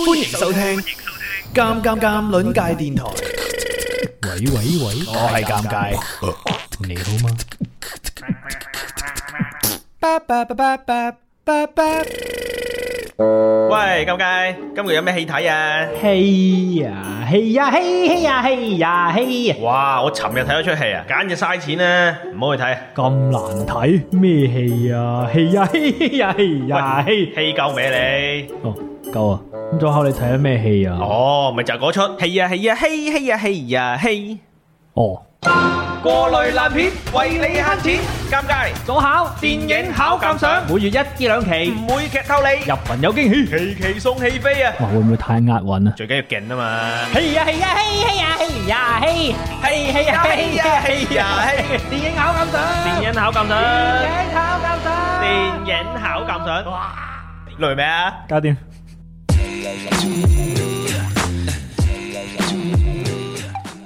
歡迎收聽歡迎收聽《尷尷尷》鄰界電台。喂喂喂，我係尷尬，你好嗎？喂，尷尬，今日有咩戲睇啊？戲啊，戲呀，戲呀，戲呀，戲啊！哇，我尋日睇咗出戲啊，簡直嘥錢啊，唔好去睇。咁難睇咩戲啊？戲呀，戲呀，戲呀，戲戲夠咩你？夠啊！咁早考你睇咗咩戲啊？哦，咪就係嗰出戲。係啊係啊，嘿嘿啊嘿啊嘿。哦。過濾爛片，為你慳錢，尷尬。早考電影考鑑賞，每月一至兩期，唔會劇透你，入群有驚喜，期期送戲飛啊！哇，會唔會太押韻啊？最緊要勁啊嘛！係啊係啊，嘿嘿啊嘿啊嘿，嘿啊嘿啊嘿啊嘿，電影考鑑賞，電影考鑑賞，電影考鑑賞，電影考鑑賞。嚟咩啊？加點。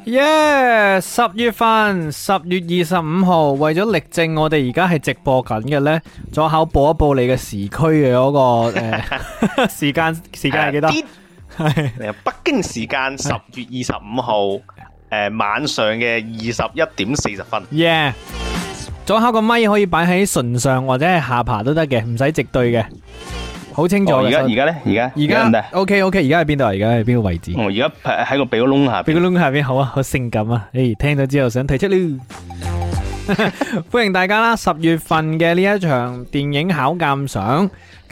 耶！十月份，十月二十五號，為咗力證我哋而家係直播緊嘅呢，左口播一播你嘅時區嘅嗰個誒 時間時間係幾多？Uh, 北京時間十月二十五號晚上嘅二十一點四十分。耶、yeah.！左口個咪可以擺喺唇上或者係下巴都得嘅，唔使直對嘅。好清楚，而家而家咧，而家而家 OK OK，而家喺邊度啊？而家喺邊個位置？哦，而家喺個鼻哥窿下面，鼻哥窿下邊好啊，好性感啊！誒、哎，聽到之後想退出了。 歡迎大家啦！十月份嘅呢一場電影考鑑賞。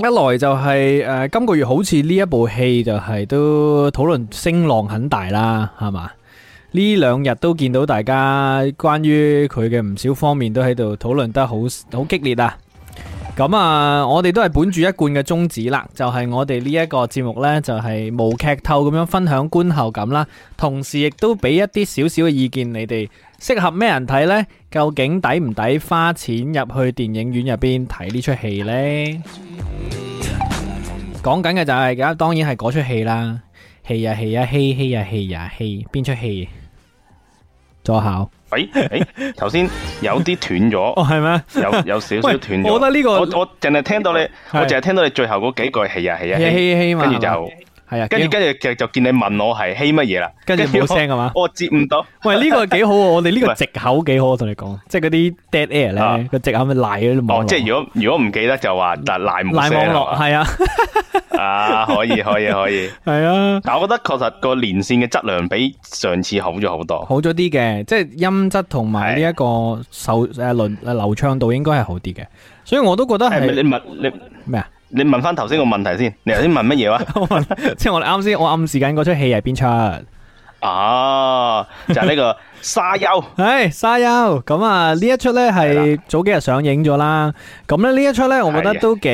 一來就係、是、誒、呃，今個月好似呢一部戲就係都討論聲浪很大啦，係嘛？呢兩日都見到大家關於佢嘅唔少方面都喺度討論得好好激烈啊！咁啊，我哋都係本住一貫嘅宗旨啦，就係、是、我哋呢一個節目呢，就係、是、無劇透咁樣分享觀後感啦，同時亦都俾一啲少少嘅意見你哋。適合咩人睇呢？究竟抵唔抵花錢入去電影院入邊睇呢出戲呢？講緊嘅就係而家，當然係嗰出戲啦。戲呀戲呀，呀，呀，呀，戲戲呀戲呀戲邊出戲？左考、哎、下、哎 喂、誒，頭先有啲斷咗。係咩？有有少少斷咗。我覺得呢個我我淨係聽到你，我淨係聽到你最後嗰幾句戲呀戲呀戲。戲呀戲呀戲跟住就。 係啊，跟住跟住就就見你問我係希乜嘢啦，跟住冇聲係嘛？我接唔到。喂，呢個幾好喎，我哋呢個藉口幾好，我同你講，即係嗰啲 dead air 咧個藉口咪賴咗哦，即係如果如果唔記得就話，但係賴網絡係啊。啊，可以可以可以。係啊，但我覺得確實個連線嘅質量比上次好咗好多，好咗啲嘅，即係音質同埋呢一個受誒流誒流暢度應該係好啲嘅。所以我都覺得係咪你物你咩啊？你問翻頭先個問題先，你頭先問乜嘢話？即係我啱先，我暗示緊嗰出戲係邊出？哦、啊，就係呢個 沙丘。係沙丘咁啊！呢一出呢係早幾日上映咗啦。咁咧呢一出呢，我覺得都幾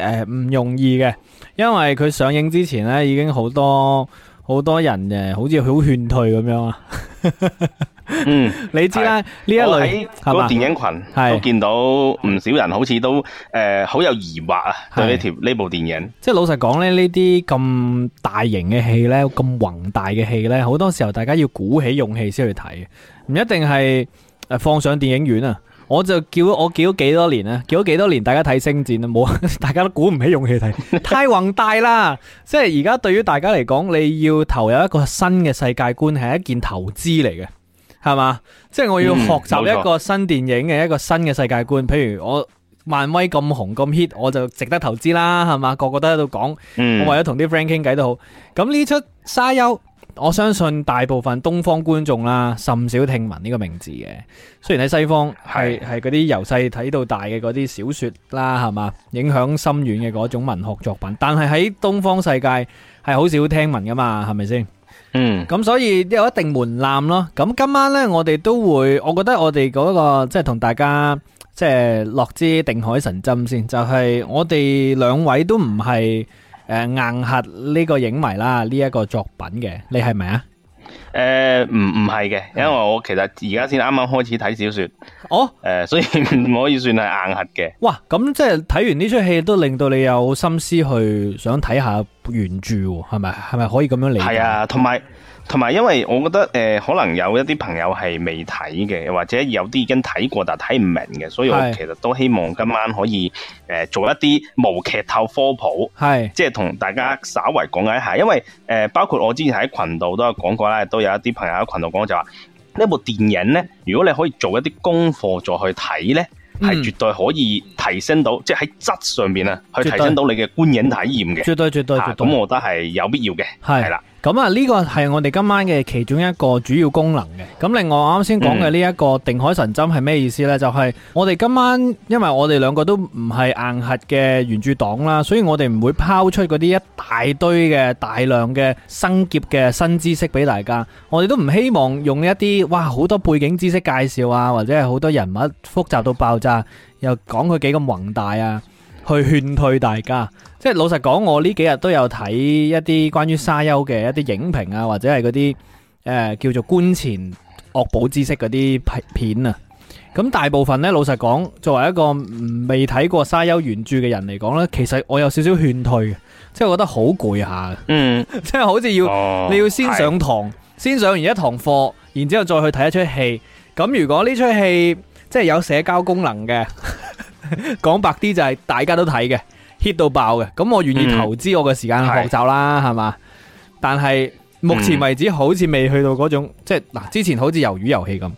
誒唔容易嘅，因為佢上映之前呢已經好多好多人誒，好似好勸退咁樣啊。 嗯， 你知啦，呢一類嗰個電影群，我見到唔少人好似都誒好、呃、有疑惑啊，對呢條呢部電影。即係、就是、老實講咧，呢啲咁大型嘅戲呢，咁宏大嘅戲呢，好多時候大家要鼓起勇氣先去睇，唔一定係誒放上電影院啊。我就叫我叫咗幾多年咧，叫咗幾多年，大家睇《星戰》啦，冇，大家都鼓唔起勇氣睇，太宏大啦。 即係而家對於大家嚟講，你要投入一個新嘅世界觀，係一件投資嚟嘅。係嘛？即係我要學習一個新電影嘅、嗯、一個新嘅世界觀。譬如我漫威咁紅咁 hit，我就值得投資啦。係嘛？個個都喺度講，我為咗同啲 friend 傾偈都好。咁呢出沙丘，我相信大部分東方觀眾啦，甚少聽聞呢個名字嘅。雖然喺西方係係嗰啲由細睇到大嘅嗰啲小說啦，係嘛，影響深遠嘅嗰種文學作品，但係喺東方世界係好少聽聞噶嘛，係咪先？ 嗯，咁所以有一定門檻咯。咁今晚咧，我哋都會，我覺得我哋嗰、那個即係同大家即係落支定海神針先。就係、是、我哋兩位都唔係誒硬核呢個影迷啦，呢、這、一個作品嘅，你係咪啊？誒、呃，唔唔係嘅，因為我其實而家先啱啱開始睇小說，哦，誒、呃，所以唔可以算係硬核嘅。哇，咁即係睇完呢出戲都令到你有心思去想睇下原著，係咪？係咪可以咁樣理解？係啊，同埋。同埋，因為我覺得誒、呃，可能有一啲朋友係未睇嘅，或者有啲已經睇過但係睇唔明嘅，所以我其實都希望今晚可以誒、呃、做一啲無劇透科普，係即係同大家稍微講解一下。因為誒、呃，包括我之前喺群度都有講過啦，都有一啲朋友喺群度講就話呢部電影咧，如果你可以做一啲功課再去睇咧，係絕對可以提升到，嗯、即係喺質上面啊，去提升到你嘅觀影體驗嘅，絕對絕對。咁，啊啊、我覺得係有必要嘅，係啦。咁啊，呢個係我哋今晚嘅其中一個主要功能嘅。咁另外，我啱先講嘅呢一個定海神針係咩意思呢？就係我哋今晚，因為我哋兩個都唔係硬核嘅原著黨啦，所以我哋唔會拋出嗰啲一大堆嘅大量嘅生澀嘅新知識俾大家。我哋都唔希望用一啲哇好多背景知識介紹啊，或者係好多人物複雜到爆炸，又講佢幾咁宏大啊。去勸退大家，即係老實講，我呢幾日都有睇一啲關於沙丘嘅一啲影評啊，或者係嗰啲誒叫做觀前惡補知識嗰啲片啊。咁大部分呢，老實講，作為一個未睇過沙丘原著嘅人嚟講呢，其實我有少少勸退嘅，即係我覺得好攰下，嗯， 即係好似要、哦、你要先上堂，先上完一堂課，然之後再去睇一出戲。咁如果呢出戲即係有社交功能嘅。 講 白啲就係大家都睇嘅 hit 到爆嘅，咁我願意投資我嘅時間去學習啦，係、嗯、嘛？但係目前為止好似未去到嗰種，嗯、即係嗱，之前好似魷魚遊戲咁，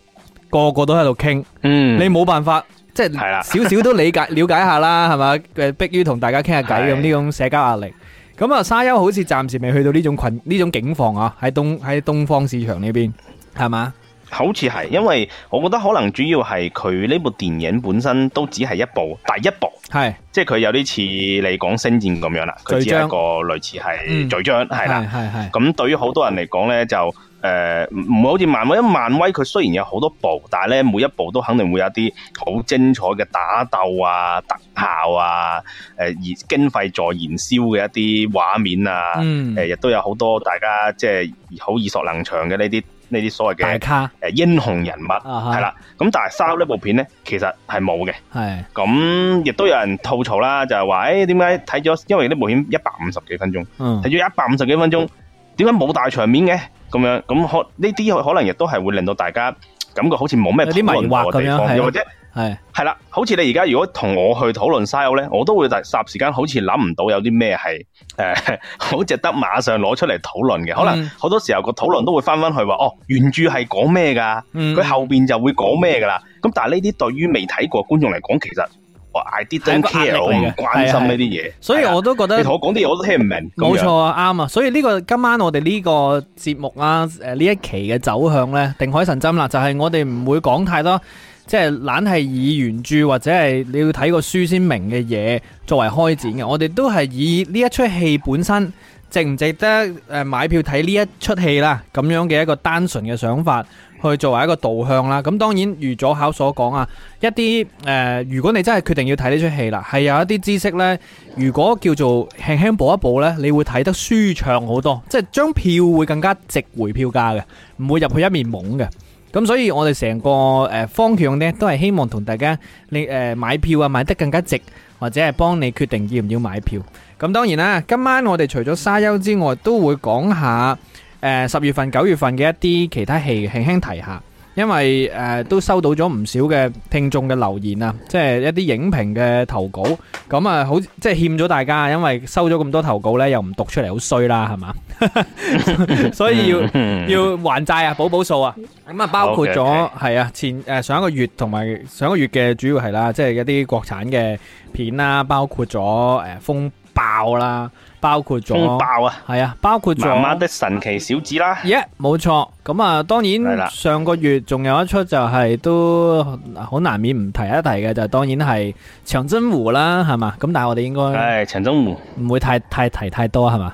個個都喺度傾，嗯，你冇辦法，即係少少都理解 了解下啦，係嘛？誒，迫於同大家傾下偈咁，呢種社交壓力，咁啊沙丘好似暫時未去到呢種群呢種境況啊，喺東喺東方市場呢邊係嘛？好似係，因為我覺得可能主要係佢呢部電影本身都只係一部第一部，係，即係佢有啲似你講星戰咁樣啦，佢只係一個類似係序章係、嗯、啦，咁對於好多人嚟講咧就誒唔、呃、好似漫威，因漫威佢雖然有好多部，但係咧每一部都肯定會有一啲好精彩嘅打鬥啊、特效啊、誒而經費在燃燒嘅一啲畫面啊，誒、嗯、亦都有好多大家即係好耳熟能詳嘅呢啲。呢啲所謂嘅大咖，誒英雄人物，係啦，咁、uh -huh. 但係《沙丘》呢部片咧，其實係冇嘅。係，咁亦都有人吐槽啦，就係話，誒點解睇咗？因為呢部片一百五十幾分鐘，睇咗一百五十幾分鐘，點解冇大場面嘅？咁樣，咁可呢啲可能亦都係會令到大家感覺好似冇咩啲迷惑咁樣，係。係係啦，好似你而家如果同我去討論 style 咧，我都會突然霎時間好似諗唔到有啲咩係誒好值得馬上攞出嚟討論嘅。可能好多時候個討論都會翻翻去話哦，原著係講咩噶，佢、嗯、後邊就會講咩噶啦。咁但係呢啲對於未睇過觀眾嚟講，其實哇 I didn't care, 我唔關心呢啲嘢，所以我都覺得你同我講啲嘢，我都聽唔明。冇錯啊，啱啊。所以呢個今晚我哋呢個節目啊，誒呢一期嘅走向咧，定海神針啦，就係、是、我哋唔會講太多。即係懶係以原著或者係你要睇個書先明嘅嘢作為開展嘅，我哋都係以呢一出戲本身值唔值得誒買票睇呢一出戲啦，咁樣嘅一個單純嘅想法去作為一個導向啦。咁當然如左考所講啊，一啲誒、呃，如果你真係決定要睇呢出戲啦，係有一啲知識呢，如果叫做輕輕補一補呢，你會睇得舒暢好多，即係張票會更加值回票價嘅，唔會入去一面懵嘅。咁所以，我哋成個誒方向呢，都係希望同大家你誒、呃、買票啊，買得更加值，或者係幫你決定要唔要買票。咁當然啦，今晚我哋除咗沙丘之外，都會講下誒十、呃、月份、九月份嘅一啲其他戲，輕輕提下。因為誒、呃、都收到咗唔少嘅聽眾嘅留言啊，即係一啲影評嘅投稿，咁啊好即係欠咗大家，因為收咗咁多投稿呢，又唔讀出嚟，好衰啦，係嘛， 所以要 要還債啊，補補數啊，咁啊包括咗係、okay, okay. 啊前誒、呃、上一個月同埋上一個月嘅主要係啦，即係一啲國產嘅片啦、啊，包括咗誒、呃、風暴啦。包括咗，係啊，啊，包括《媽媽的神奇小子》啦，耶、yeah，冇錯。咁啊，當然，上個月仲有一出就係都好難免唔提一提嘅，就係、當然係《長津、哎、湖》啦，係嘛。咁但係我哋應該係《長津湖》，唔會太太提太多，係嘛。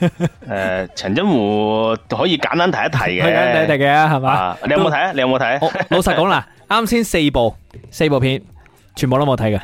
誒、呃，《長津湖》可以簡單提一提嘅，係 嘛。你有冇睇啊？你有冇睇？老實講啦，啱 先四部，四部片，全部都冇睇嘅。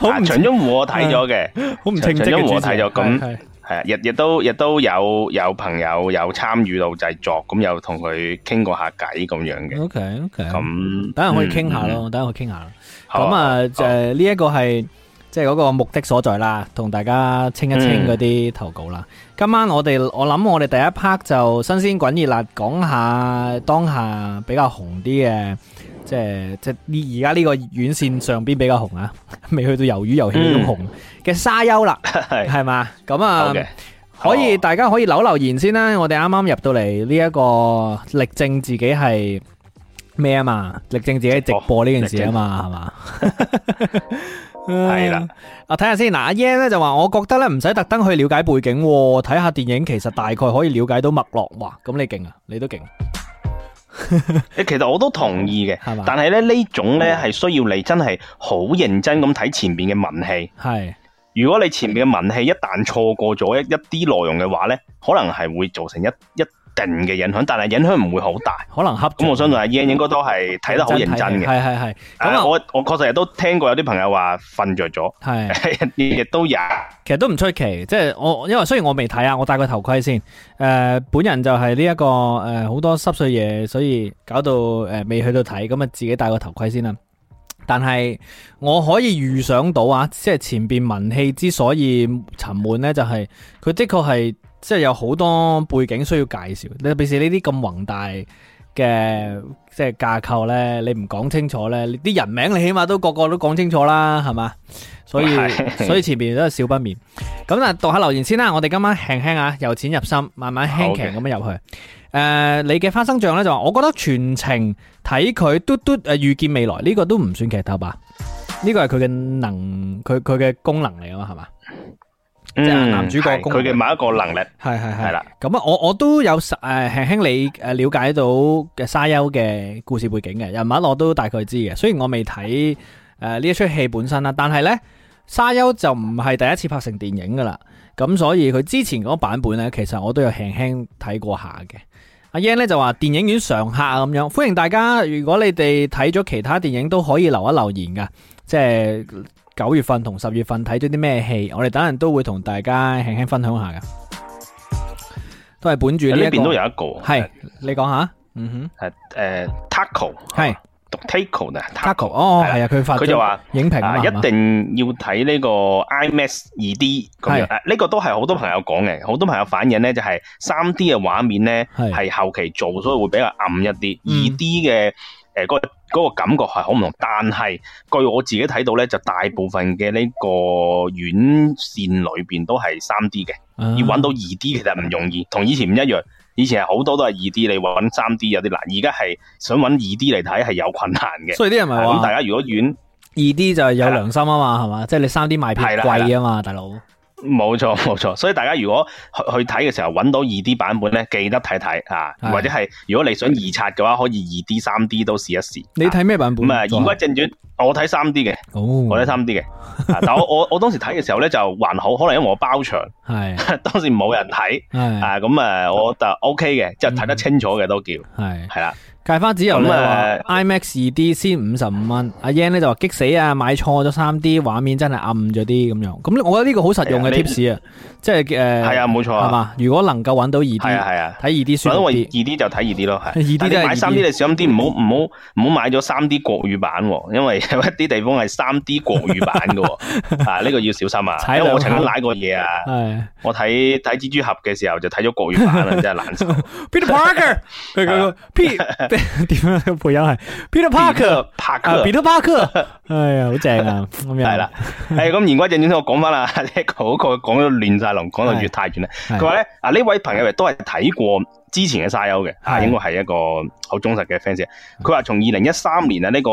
好 唔 清。其中我睇咗嘅，好 唔清。其中我睇咗，咁係啊，亦亦都亦都有有朋友有參與到製作，咁有同佢傾過下偈咁樣嘅。OK OK，咁等下可以傾下咯，我等下可以傾下啦。咁、嗯、啊，就係呢一個係。即係嗰個目的所在啦，同大家清一清嗰啲投稿啦。嗯、今晚我哋我諗我哋第一 part 就新鮮滾熱辣講下當下比較紅啲嘅，即係即係而家呢個院線上邊比較紅啊，未去到魷魚遊戲都咁紅嘅、嗯、沙丘啦，係 嘛是嗎？咁 啊，okay. 可以、oh. 大家可以留留言先啦。我哋啱啱入到嚟呢一個力證自己係咩啊嘛，力證自己直播呢件事啊嘛，係、oh, 嘛？是嗎 係、嗯、啦，啊睇下先，嗱阿 Yan 呢咧就話，我覺得咧唔使特登去了解背景，睇下電影其實大概可以了解到脈絡。哇！咁你勁啊，你都勁。其實我都同意嘅，係嘛，但係咧呢種咧係需要你真係好認真咁睇前面嘅文戲，係。如果你前面嘅文戲一旦錯過咗一一啲內容嘅話咧，可能係會造成一一。定嘅影響，但係影響唔會好大，可能恰，咁我相信阿 Young 應該都係睇得好認真嘅，係係係。咁能、呃、我我確實亦都聽過有啲朋友話瞓着咗，係一啲亦都有，其實都唔出奇。即係我因為雖然我未睇啊，我戴個頭盔先。誒、呃，本人就係呢一個誒，好、呃、多濕碎嘢，所以搞到、呃、未去到睇，咁啊自己戴個頭盔先啦。但係我可以預想到啊，即、就、係、是、前面文氣之所以沉悶呢，就係、是、佢的確係。即係有好多背景需要介紹，你平時呢啲咁宏大嘅即係架構咧，你唔講清楚咧，啲人名你起碼都個，個個都講清楚啦，係嘛？所以 所以前面都係少不免。咁啊，讀下留言先啦。我哋今晚輕輕啊，由淺入深，慢慢輕輕咁樣入去。誒、okay. 呃，你嘅花生醬咧就話，我覺得全程睇佢嘟嘟誒預見未來呢、這個都唔算劇透吧？呢、這個係佢嘅能，佢佢嘅功能嚟噶嘛，係嘛？即係男主角，佢嘅某一個能力係係係啦。咁啊，我我都有誒輕輕理誒了解到嘅沙丘嘅故事背景嘅人物，我都大概知嘅。雖然我未睇誒呢一出戲本身啦，但係咧沙丘就唔係第一次拍成電影噶啦。咁所以佢之前嗰個版本咧，其實我都有輕輕睇過一下嘅。阿 Young 咧就話電影院常客啊咁樣，歡迎大家。如果你哋睇咗其他電影都可以留一留言噶，即係。九月份同十月份睇咗啲咩戲？我哋等人都會同大家輕輕分享下噶，都係本住呢一邊都有一個，係你講下，嗯、uh, 哼、uh,，係、uh, 誒，Taco 係讀 Taco 嘅 Taco，哦，係啊，佢發佢就話影評一定要睇呢個 IMAX 二 D，係誒，呢、這個都係好多朋友講嘅，好多朋友反映咧就係三 D 嘅畫面咧係後期做，所以會比較暗一啲，二 D 嘅誒個。嗰、嗰個感覺係好唔同，但係據我自己睇到咧，就大部分嘅呢個院線裏邊都係三 D 嘅，uh -huh. 要揾到二 D 其實唔容易，同以前唔一樣。以前係好多都係二 D，你揾三 D 有啲難。而家係想揾二 D 嚟睇係有困難嘅。所以啲人咪話，咁大家如果院二 D 就係有良心啊，係係係係、就係、係嘛，係嘛？即係你三 D 賣票貴啊嘛，大佬。冇錯冇錯，所以大家如果去睇嘅時候，搵到二 D 版本咧，記得睇睇 啊，或者係如果你想二刷嘅話，可以二 D、三 D 都試一試。啊、你睇咩版本啊？嗯，言歸正傳，我睇三 D 嘅，我睇三 D 嘅。但我 我我當時睇嘅時候咧就還好，可能因為我包場，係 當時冇人睇，係咁啊，我、嗯 嗯、就 OK 嘅，即係睇得清楚嘅都叫係係啦。 介翻紙又咁啊！IMAX 2D 先五十五蚊，阿 Yan 咧就話激死啊，死買錯咗 3D 畫面真係暗咗啲咁樣，咁我覺得呢個好實用嘅 tips 啊！即係誒，係、呃、啊，冇錯啊，如果能夠揾到二 D，係啊係啊，睇二 D 算。因為二二 D 就睇二 D 咯，係二 D。買三 D 你小心啲，唔好唔好唔好買咗三 D 國語版、哦，因為有一啲地方係三 D 國語版噶、哦， 啊呢、這個要小心啊。因為我曾經瀨過嘢啊，啊，我睇睇蜘蛛俠嘅時候就睇咗國語版， 真係難受。 Peter Parker，佢 佢 P Peter p a r k、啊、e r Peter Parker，Parker， 哎呀，好正啊，咁係啦，誒、啊，咁言歸正傳，我講翻啦，好過講咗亂晒。 講到越太遠咧，佢話咧，啊呢位朋友亦都係睇過之前嘅沙丘嘅，啊應該係一個好忠實嘅 fans。佢話從二零一三年啊呢，這個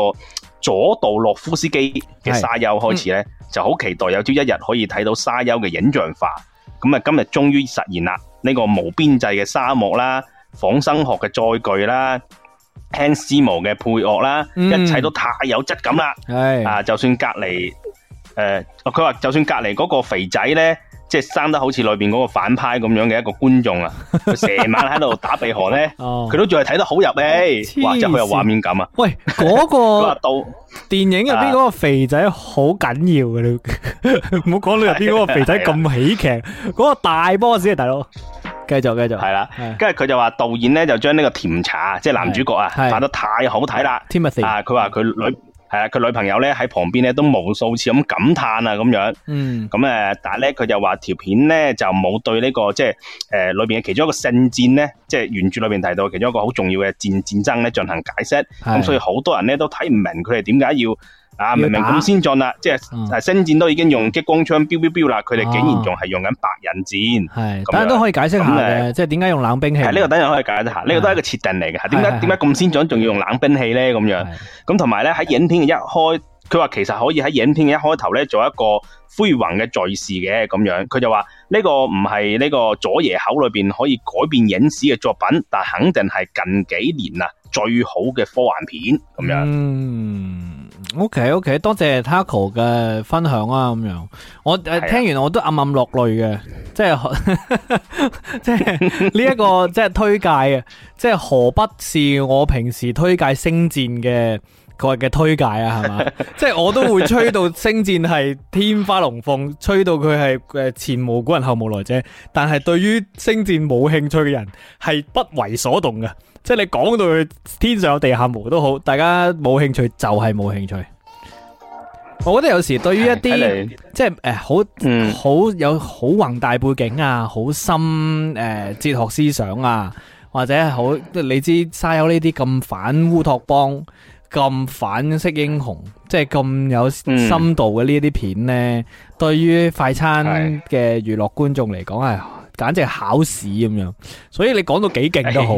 佐杜洛夫斯基嘅沙丘開始咧，就好期待有朝一日可以睇到沙丘嘅影像化。咁啊，嗯、今日終於實現啦！呢，這個無邊際嘅沙漠啦，仿生學嘅載具啦，漢斯摩嘅配樂啦、嗯，一切都太有質感啦。係啊，就算隔籬誒，佢、呃、話就算隔籬嗰個肥仔咧。即係生得好似裏邊嗰個反派咁樣嘅一個觀眾啊，佢成晚喺度打鼻鼾咧，佢、 哦、都仲係睇得好入味，或者好有畫面感啊！喂，嗰、那個導電影入邊嗰個肥仔好緊要嘅、啊，唔好講到入邊嗰個肥仔咁喜劇，嗰、那個大 boss 啊大佬，繼續繼續，係啦，跟住佢就話導演咧就將呢個甜茶即係、就是、男主角啊扮得太好睇啦，啊，佢話佢女。係啊，佢女朋友咧喺旁邊咧都無數次咁感嘆啊，咁樣，嗯咁誒，但係咧佢就話條片咧就冇對呢個即係誒裏邊嘅其中一個聖戰咧，即係原著裏邊提到其中一個好重要嘅戰戰爭咧進行解釋，咁所以好多人咧都睇唔明佢哋點解要。啊！明明咁先進啦，即係星、嗯、戰都已經用激光槍飆飆飆啦，佢、嗯、哋竟然仲係用緊白人戰，係、啊，但係都可以解釋咁嘅，即係點解用冷兵器呢？呢、這個等陣可以解釋下，呢、這個都係一個設定嚟嘅。點解點解咁先進，仲要用冷兵器呢？咁樣咁同埋呢，喺影片一開，佢話其實可以喺影片一開頭呢做一個恢宏嘅敘事嘅咁樣。佢就話呢個唔係呢個佐爺口裏邊可以改變影視嘅作品，但肯定係近幾年啊最好嘅科幻片咁樣。嗯。OK OK，多謝 Taco 嘅分享啊，咁樣我聽完我都暗暗落淚嘅，即係即係呢一個即係推介嘅，即係何不是我平時推介星戰嘅個嘅推介啊，係嘛？ 即係我都會吹到星戰係天花龍鳳，吹到佢係誒前無古人後無來者，但係對於星戰冇興趣嘅人係不為所動嘅。即係你講到天上有地下無都好，大家冇興趣就係、是、冇興趣。我覺得有時對於一啲即係誒好好有好宏大背景啊，好深誒、呃、哲學思想啊，或者係好你知沙丘呢啲咁反烏托邦、咁反式英雄，即係咁有深度嘅呢啲片呢，嗯、對於快餐嘅娛樂觀眾嚟講係。簡直係考試咁樣，所以你講到幾勁都好，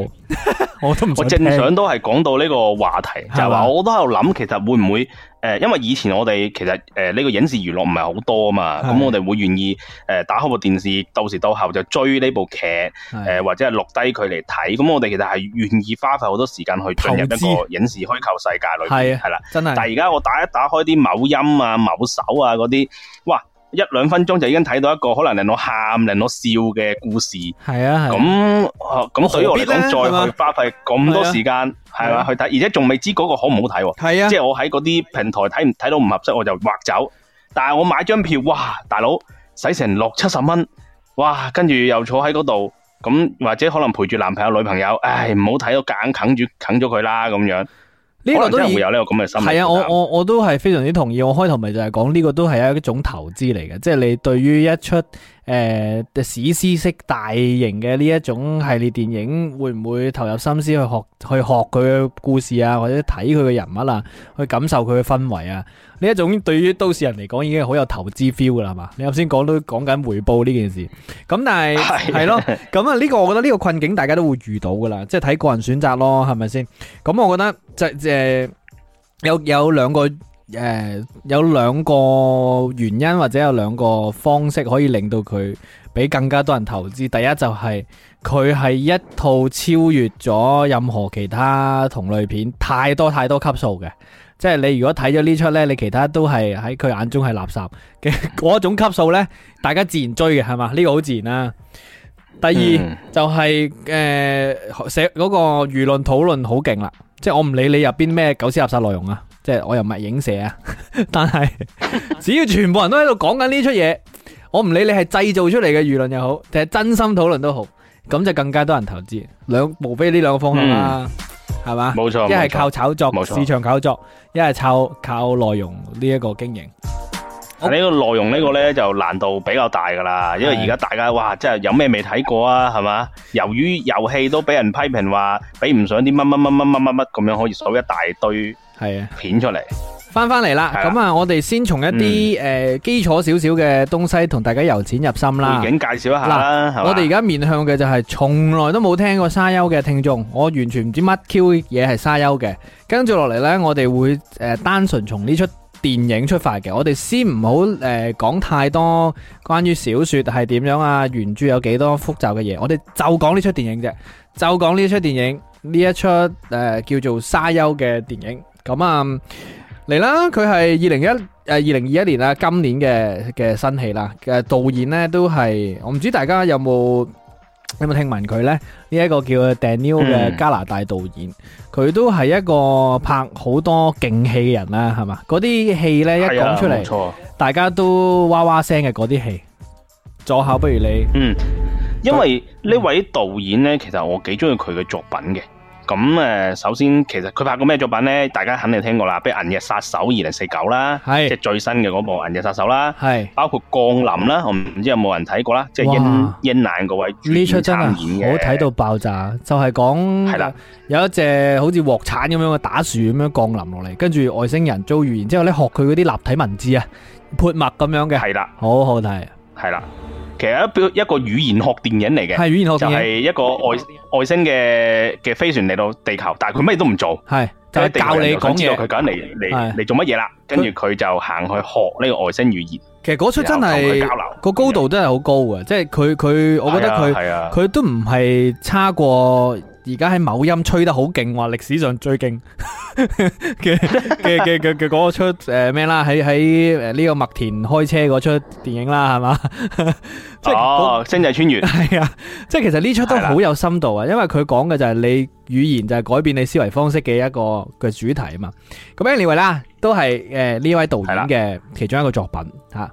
我 都我正想都係講到呢個話題，是就係、是、話我都喺度諗，其實會唔會誒？因為以前我哋其實誒呢、呃這個影視娛樂唔係好多嘛，咁我哋會願意誒打開部電視，到時到候就追呢部劇誒、呃，或者係錄低佢嚟睇。咁我哋其實係願意花費好多時間去進入一個影視虛構世界裏邊係啦，真係、啊。但係而家我打一打開啲某音啊、某手啊嗰啲，哇！一兩分鐘就已經睇到一個可能令我喊、令我笑嘅故事，係啊，咁咁、啊、對於我嚟講，再去花費咁多時間，係、啊啊、去睇，而且仲未知嗰個好唔好睇喎，係啊，即係我喺嗰啲平台睇唔睇到唔合適，我就劃走。但係我買張票，哇，大佬使成六七十蚊，哇，跟住又坐喺嗰度，咁或者可能陪住男朋友、女朋友，唉，唔好睇到硬啃住啃咗佢啦，咁樣。呢、這個都真係會有呢個咁嘅心理，係啊！我我我都係非常之同意。我開頭咪就係講呢個都係一種投資嚟嘅，即係你對於一出。誒、呃，史詩式大型嘅呢一種系列電影，會唔會投入心思去學去學佢嘅故事啊，或者睇佢嘅人物啊，去感受佢嘅氛圍啊？呢一種對於都市人嚟講，已經好有投資 feel 噶啦，係嘛？你頭先講都講緊回報呢件事，咁 但係是係 咯，咁啊呢個我覺得呢個困境，大家都會遇到噶啦，即係睇個人選擇咯，係咪先？咁我覺得即係、呃、有有兩個。誒、呃，有兩個原因或者有兩個方式可以令到佢俾更加多人投資。第一就係佢係一套超越咗任何其他同類片太多太多級數嘅，即係你如果睇咗呢出呢，你其他都係喺佢眼中係垃圾嘅嗰種級數呢，大家自然追嘅係嘛？呢、這個好自然啦、啊。第二就係、是、誒，寫、呃、嗰個輿論討論好勁啦，即係我唔理你入邊咩狗屎垃圾內容啊！即係我又唔係影射啊，但係只要全部人都喺度講緊呢出嘢，我唔理你係製造出嚟嘅輿論又好，定係真心討論都好，咁就更加多人投資兩無非呢兩個方向啦、啊，係、嗯、嘛？冇錯，一係靠炒作市場炒作，一係靠靠內容呢一個經營。呢個內容呢個呢，就難度比較大噶啦，因為而家大家哇，即係有咩未睇過啊，係嘛？由於遊戲都俾人批評話比唔上啲乜乜乜乜乜乜乜咁樣，可以數一大堆。係啊，片出嚟，翻翻嚟啦。咁啊，我哋先從一啲誒、嗯、基礎少少嘅東西同大家由淺入深啦。背景介紹一下啦，我哋而家面向嘅就係從來都冇聽過沙丘嘅聽眾，我完全唔知乜 Q 嘢係沙丘嘅。跟住落嚟呢，我哋會誒單純從呢出電影出發嘅。我哋先唔好誒講太多關於小說係點樣啊，原著有幾多複雜嘅嘢。我哋就講呢出電影啫，就講呢出電影呢一出誒、呃、叫做沙丘嘅電影。咁、嗯、啊，嚟啦！佢係二零一誒二零二一年啦，今年嘅嘅新戲啦。嘅導演咧都係，我唔知大家有冇有冇聽聞佢咧？呢、這、一個叫 Daniel 嘅加拿大導演，佢、嗯、都係一個拍好多勁戲嘅人啦，係嘛？嗰啲戲咧一講出嚟，大家都哇哇聲嘅嗰啲戲。左口不如你，嗯，因為呢位導演咧、嗯，其實我幾中意佢嘅作品嘅。咁誒，首先其實佢拍過咩作品咧？大家肯定聽過啦，比如《銀翼殺手二零四九》啦，即係最新嘅嗰部《銀翼殺手》啦，包括降臨啦，我唔知有冇人睇過啦？即係英英蘭嗰位呢出真係好睇到爆炸，就係講係啦，有一隻好似鑊鏟咁樣嘅打樹咁樣降臨落嚟，跟住外星人遭遇，然之後咧學佢嗰啲立體文字啊，潑墨咁樣嘅，係啦，好好睇，係啦。其實一表一個語言學電影嚟嘅，就係、是、一個外外星嘅嘅飛船嚟到地球，但係佢咩都唔做，係、就是、教你講嘢，個佢咁嚟嚟嚟做乜嘢啦？跟住佢就行去學呢個外星語言。其實嗰出真係個高度真係好高嘅，即係佢佢，就是、佢佢我覺得佢佢都唔係差過。而家喺某音吹得好勁，話歷史上最勁嘅嘅嘅嘅嘅嗰出誒咩、呃、啦？喺喺誒呢個麥田開車嗰出電影啦，係嘛？哦， 星際穿越係啊！即係其實呢出都好有深度啊，因為佢講嘅就係你語言就係改變你思維方式嘅一個嘅主題啊嘛。咁 anyway 啦，都係誒呢位導演嘅其中一個作品吓。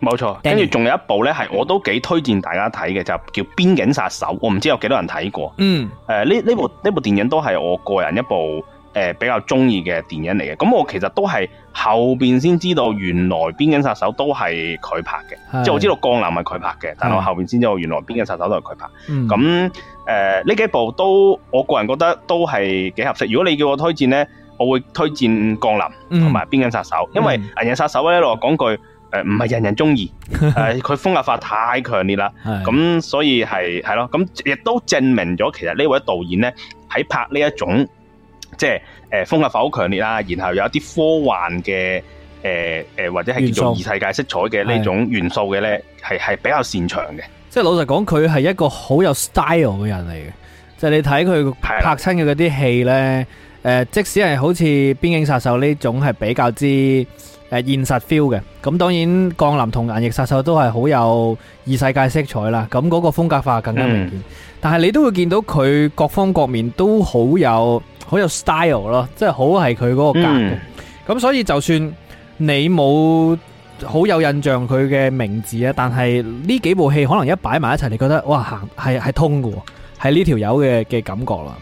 冇錯，跟住仲有一部咧，係我都幾推薦大家睇嘅、嗯，就是、叫《邊境殺手》。我唔知有幾多人睇過。嗯。誒、呃，呢呢部呢部電影都係我個人一部誒、呃、比較中意嘅電影嚟嘅。咁我其實都係後邊先知道，原來邊殺《邊境殺手》都係佢拍嘅。即係我知道降臨《降臨》係佢拍嘅，但係我後邊先知道，原來《邊境殺手》都係佢拍。咁、嗯、誒，呢、呃，幾部都我個人覺得都係幾合適。如果你叫我推薦呢，我會推薦《降臨》同埋《邊境殺手》嗯嗯，因為《銀翼殺手》咧，我講句。誒、呃，唔係人人中意，誒、呃，佢風格化太強烈啦，咁 所以係係咯，咁亦都證明咗其實呢位導演咧喺拍呢一種即係誒、呃、風格化好強烈啦，然後有一啲科幻嘅誒誒或者係叫做異世界色彩嘅呢種元素嘅咧，係 係比較擅長嘅。即係老實講，佢係一個好有 style 嘅人嚟嘅，就是、你睇佢拍親嘅嗰啲戲咧，誒、 呃，即使係好似《邊境殺手》呢種係比較之。誒，現實 feel 嘅，咁當然《降臨》同《銀翼殺手》都係好有異世界色彩啦，咁、那、嗰個風格化更加明顯。嗯、但係你都會見到佢各方各面都好有好有 style 咯，即係好係佢嗰個格。咁、嗯、所以就算你冇好有，有印象佢嘅名字啊，但係呢幾部戲可能一擺埋一齊，你覺得哇行係係通㗎，係呢條友嘅嘅感覺啦，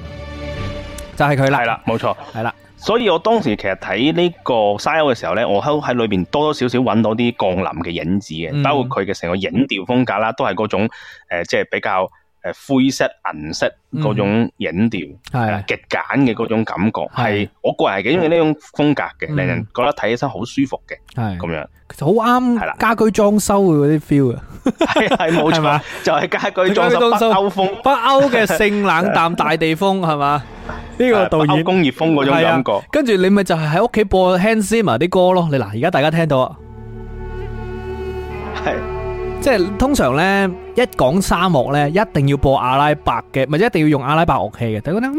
就係佢啦，係啦，冇錯，係啦。所以我當時其實睇呢個沙丘嘅時候咧，我喺喺裏邊多多少少揾到啲降臨嘅影子嘅，包括佢嘅成個影調風格啦，都係嗰種誒、呃，即係比較。誒，灰色、銀色嗰種影調，係極簡嘅嗰種感覺，係我個人幾中意呢種風格嘅，令人覺得睇起身好舒服嘅，係咁樣，好啱係啦，家居裝修嘅嗰啲 feel 嘅，係係冇錯，就係家居裝修北歐風，北歐嘅性冷淡大地風係嘛？呢個導演工業風嗰種感覺，跟住你咪就係喺屋企播 Hans Zimmer 啲歌咯，你嗱，而家大家聽到啊，係。即係通常呢，一講沙漠呢，一定要播阿拉伯嘅，咪一定要用阿拉伯樂器嘅。但係嗰啲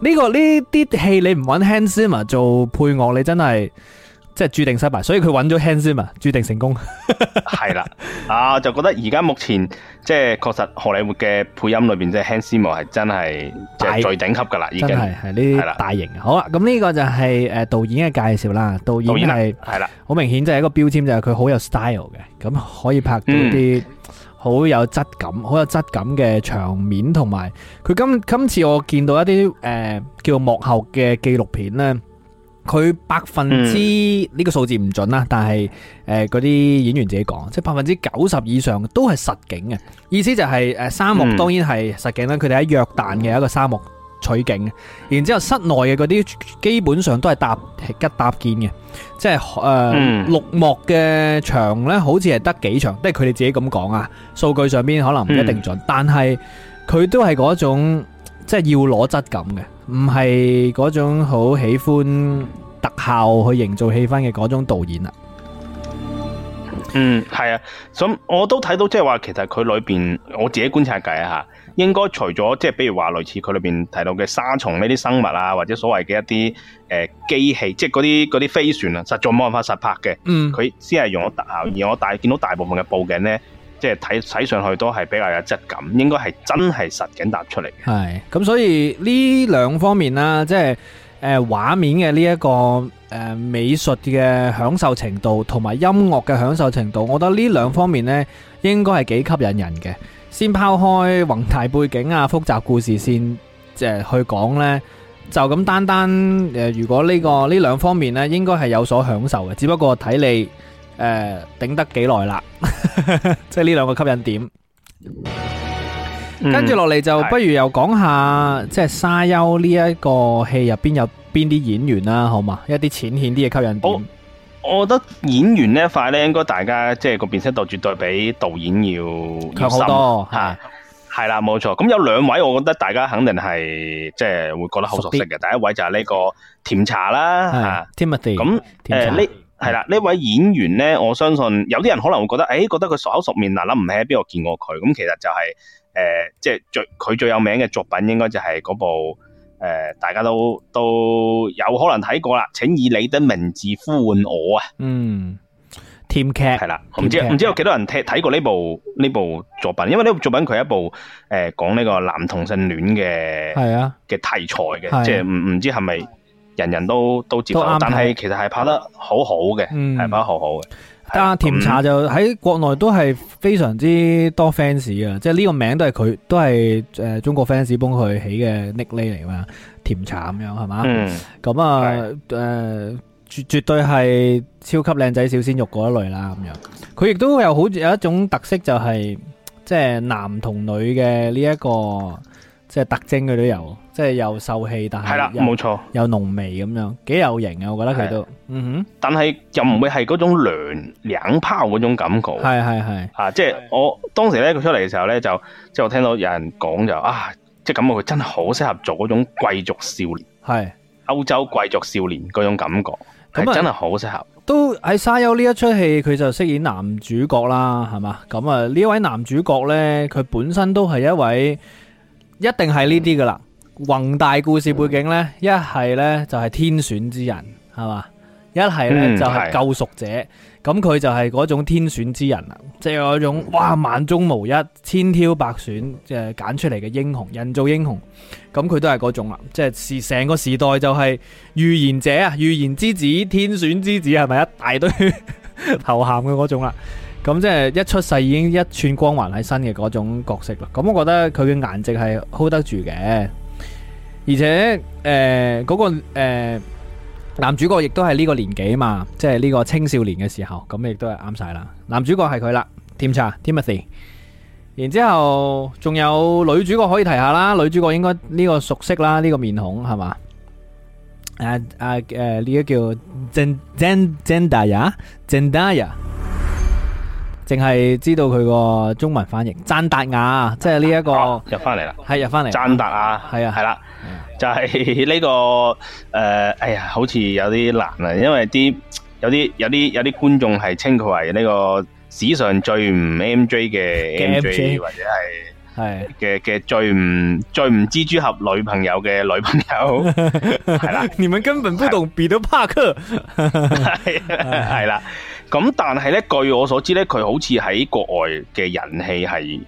呢個呢啲戲，你唔揾 Hans Zimmer 做配樂，你真係。即係注定失敗，所以佢揾咗 h a n d s m a 注定成功是。係啦，啊，就覺得而家目前即係確實荷里活嘅配音裏邊，即係 Handsman 係真係最頂級噶啦，已經係啲大型。好啦，咁呢個就係誒導演嘅介紹啦。導演係係啦，好明顯就係一個標籤，就係佢好有 style 嘅，咁可以拍到啲好有質感、好、嗯、有質感嘅場面，同埋佢今今次我見到一啲誒、呃、叫幕後嘅紀錄片咧。佢百分之呢、嗯這個數字唔準啦，但係誒嗰啲演員自己講，即係百分之九十以上都係實景嘅，意思就係、是、誒、呃、沙漠當然係實景啦，佢哋喺約旦嘅一個沙漠取景，然之後室內嘅嗰啲基本上都係搭吉搭建嘅，即係誒綠幕嘅牆呢好似係得幾長，即係佢哋自己咁講啊，數據上面可能唔一定準，嗯、但係佢都係嗰種即係要攞質感嘅。唔係嗰種好喜歡特效去營造氣氛嘅嗰種導演啦，啊。嗯，係啊，咁我都睇到，即係話其實佢裏邊我自己觀察計啊吓，應該除咗即係比如話類似佢裏邊提到嘅沙蟲呢啲生物啊，或者所謂嘅一啲誒機器，即係嗰啲嗰啲飛船啊，實在冇辦法實拍嘅。嗯，佢先係用咗特效，而我大見到大部分嘅布景呢。即係睇睇上去都係比較有質感，應該係真係實景搭出嚟。係咁，所以呢兩方面啦，即係誒畫面嘅呢一個誒、呃、美術嘅享受程度，同埋音樂嘅享受程度，我覺得呢兩方面呢應該係幾吸引人嘅。先拋開宏大背景啊、複雜故事線，即、呃、係去講呢，就咁單單誒、呃，如果呢、這個呢兩方面呢應該係有所享受嘅，只不過睇你。誒，頂得幾耐啦？即係呢兩個吸引點，嗯。跟住落嚟，就不如又講下，即係沙丘呢一個戲入邊有邊啲演員啦，啊，好嘛？一啲淺顯啲嘅吸引點我。我我覺得演員呢一塊咧，應該大家即係個辨識度絕對比導演要強好多吓。係啦，冇錯。咁有兩位，我覺得大家肯定係即係會覺得好熟悉嘅。第一位就係呢個甜茶啦，吓，Timothy。咁甜呢？呃係啦，呢位演員咧，我相信有啲人可能會覺得，誒、哎，覺得佢熟口熟面，嗱，諗唔起喺邊度見過佢。咁其實就係、是、誒、呃，即係最佢最有名嘅作品，應該就係嗰部誒、呃，大家都都有可能睇過啦。請以你的名字呼喚我啊！嗯，甜劇係啦，唔知唔知有幾多人睇睇過呢部呢部作品？因為呢部作品佢係一部誒、呃、講呢個男同性戀嘅係啊嘅題材嘅，即係唔唔知係咪？人人都都接啱，但係其實係拍得好好嘅，係、嗯、拍得好好嘅。但係甜茶就喺國內都係非常之多 fans 嘅，即係呢個名都係佢，都係誒中國 fans 幫佢起嘅 nickly 嚟嘛，甜茶咁樣係嘛？嗯，咁啊，誒、呃，絕絕對係超級靚仔小鮮肉嗰一類啦，咁樣。佢亦都有好有一種特色、就係，就係即係男同女嘅呢一個即係、就係、特徵，佢都有。即係又受氣，但係係啦，冇錯，又濃眉咁樣，幾有型啊！我覺得佢都，嗯哼，但係又唔會係嗰種涼兩拋嗰種感覺。係係係啊！即係、就是、我當時咧，佢出嚟嘅時候咧，就即係我聽到有人講就啊，即係感覺佢真係好適合做嗰種貴族少年，係歐洲貴族少年嗰種感覺，咁真係好適合。都喺沙丘呢一出戲，佢就飾演男主角啦，係嘛？咁啊呢位男主角咧，佢本身都係一位，一定係呢啲噶啦。嗯宏大故事背景係呢，一係呢就係、是、天選之人，係嘛？一係呢就係、是、救贖者，咁、嗯、佢就係嗰種天選之人啦，即係嗰種哇萬中無一，千挑百選，即係揀出嚟嘅英雄，人造英雄，咁佢都係嗰種啦，即係成個時代就係預言者啊，預言之子，天選之子，係咪一大堆頭銜嘅嗰種啦？咁即係一出世已經一串光環喺身嘅嗰種角色啦。咁我覺得佢嘅顏值係 hold 得住嘅。而且誒嗰、呃嗰個、呃、男主角亦都係呢個年紀嘛，即係呢個青少年嘅時候，咁亦都係啱晒啦。男主角係佢啦，甜 Tim 茶 Timothy。然之後仲有女主角可以提下啦，女主角應該呢個熟悉啦，呢、呢個面孔係嘛？啊啊誒呢、啊呢個叫 Zend Zend Zendaya Zendaya 淨係知道佢個中文翻譯，贊達亞，即係呢一個、哦、入翻嚟啦，係入翻嚟。贊達亞係啊，係啦、啊啊啊啊，就係、是、呢、這個誒、呃，哎呀，好似有啲難啊，因為啲有啲有啲有啲觀眾係稱佢為呢個史上最唔 M J 嘅 M J 或者係係嘅嘅最唔最唔蜘蛛俠女朋友嘅女朋友，係 啦、 啊，你們根本不懂彼得帕克，係啦、啊。別 是 咁但係咧，據我所知咧，佢好似喺國外嘅人氣係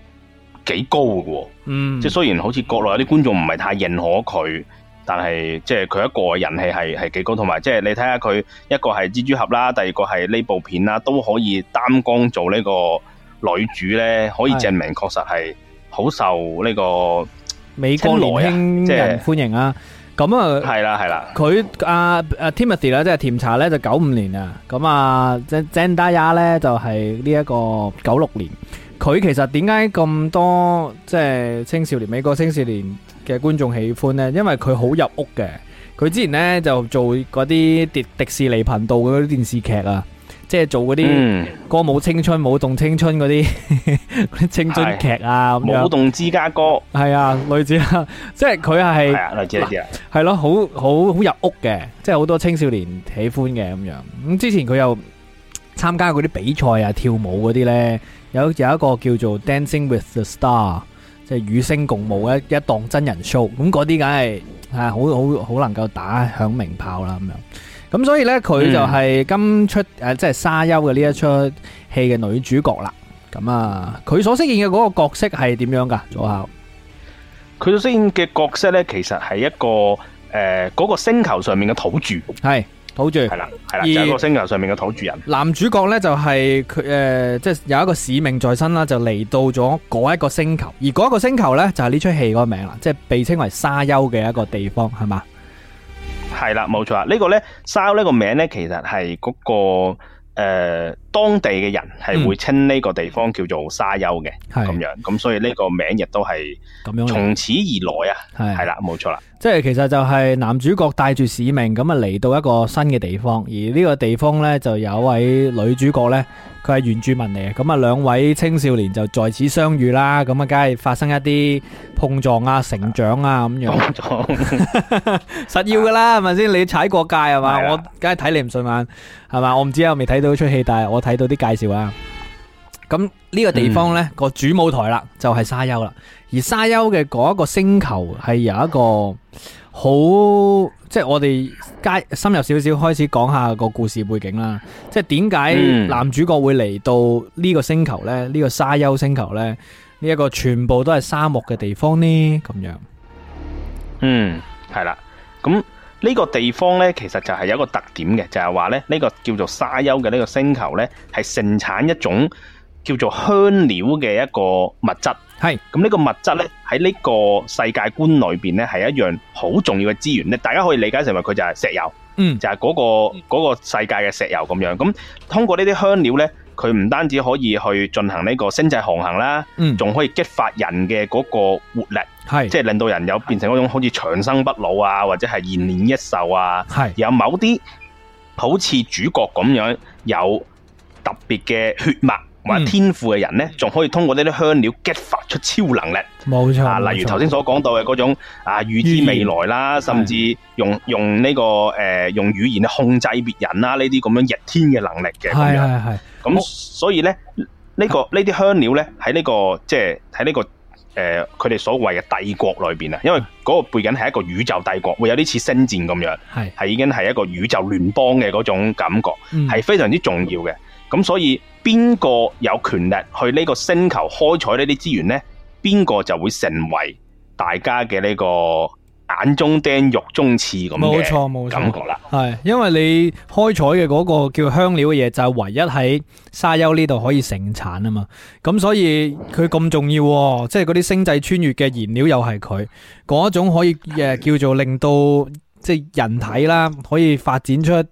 幾高嘅，嗯，即係雖然好似國內有啲觀眾唔係太認可佢，但係即係佢喺國外人氣係係幾高，同埋即係你睇下佢一個係蜘蛛俠啦，第二個係呢部片啦，都可以擔綱做呢個女主咧、嗯，可以證明確實係好受呢個美國年輕人歡迎啊！咁啊，係啦係啦，佢阿阿 Timothy 啦，即係甜茶咧，就九五年啊。咁啊，即係 Zendaya 咧，就係呢一個九六年。佢其實點解咁多即係青少年、美國青少年嘅觀眾喜歡咧？因為佢好入屋嘅。佢之前咧就做嗰啲迪迪士尼頻道嗰啲電視劇啊。即係做嗰啲歌舞青春、嗯、舞動青春嗰啲 青春劇啊，舞動芝加哥係啊，類似係係啊，即係佢係係類咯、啊，好好好入屋嘅，即係好多青少年喜歡嘅咁樣。咁之前佢又參加嗰啲比賽啊，跳舞嗰啲呢，有有一個叫做 Dancing with the Star，即係與星共舞一一檔真人 show，咁嗰啲梗係係好好好能夠打響名炮啦咁樣。咁所以呢，佢就係今出誒、嗯，即係沙丘嘅呢一出戲嘅女主角啦。咁啊，佢所飾演嘅嗰個角色係點樣噶？左、嗯、下，佢所飾演嘅角色呢，其實係一個誒，嗰、呃那個星球上面嘅土著，係土著，係啦，係啦，一、就是、個星球上面嘅土著人。男主角呢，就係佢誒，即、呃、係、就是、有一個使命在身啦，就嚟到咗嗰一個星球，而嗰一個星球呢，就係呢出戲個名啦，即、就、係、是、被稱為沙丘嘅一個地方，係嘛？係啦，冇錯啦，呢個咧，沙呢個名咧，其實係嗰、嗰個誒。呃當地嘅人係會稱呢個地方叫做沙丘嘅，咁、嗯、樣咁所以呢個名亦都係從此而來啊，係啦，冇錯啦。即係其實就係男主角帶住使命咁啊嚟到一個新嘅地方，而呢個地方呢就有位女主角呢，佢係原住民嚟嘅，咁啊兩位青少年就在此相遇啦，咁啊梗係發生一啲碰撞啊、成長啊咁樣，碰撞 實要噶啦，係咪先？你踩過界係嘛？我梗係睇你唔順眼，係嘛？我唔知有未睇到出戲，但係我。睇到啲介紹啊。咁呢個地方呢，個、嗯、主舞台啦，就係沙丘啦。而沙丘嘅嗰一個星球係有一個好，即、就、係、是、我哋介深入少少開始講下個故事背景啦。即係點解男主角會嚟到呢個星球呢？呢、呢個沙丘星球呢，呢、呢、一個全部都係沙漠嘅地方呢？咁樣，嗯，係啦，咁。呢個地方呢，其實就係有一個特點嘅，就係話呢，呢個叫做沙丘嘅呢個星球呢，係盛產一種叫做香料嘅一個物質。係咁呢個物質呢，喺呢個世界觀裏邊呢，係一樣好重要嘅資源。你大家可以理解成為佢就係石油，嗯，就係嗰個，嗯，嗰個世界嘅石油咁樣。咁通過呢啲香料呢。佢唔單止可以去進行呢個星際航行啦，仲、嗯、可以激發人嘅個活力，是即係令到人有變成嗰種好似長生不老啊，或者係延年益壽啊，係有某啲好似主角咁樣有特別嘅血脈。話天賦嘅人咧，仲、嗯、可以通過呢啲香料激發出超能力。冇錯、啊，例如頭先所講到嘅嗰種啊，預知未來啦，甚至用用呢、這個誒、呃、用語言嚟控制別人啦，呢啲咁樣逆天嘅能力嘅。係係係。咁所以咧，呢、這個呢啲香料咧喺呢個、這個即係喺呢個誒，佢、呃、哋所謂嘅帝國裏邊啊，因為嗰個背景係一個宇宙帝國，會有啲似星戰咁樣，係已經係一個宇宙聯邦嘅嗰種感覺，係、嗯、非常之重要嘅。咁所以。邊個有權力去呢個星球開採呢啲資源呢？邊個就會成為大家嘅呢個眼中釘、肉中刺咁樣，冇錯，冇錯，感覺啦。係，因為你開採嘅嗰個叫香料嘅嘢，就唯一喺沙丘呢度可以盛產啊嘛。咁所以佢咁重要，啊，即係嗰啲星際穿越嘅燃料又係佢嗰一種可以誒叫做令到。即係人體啦，可以發展出，譬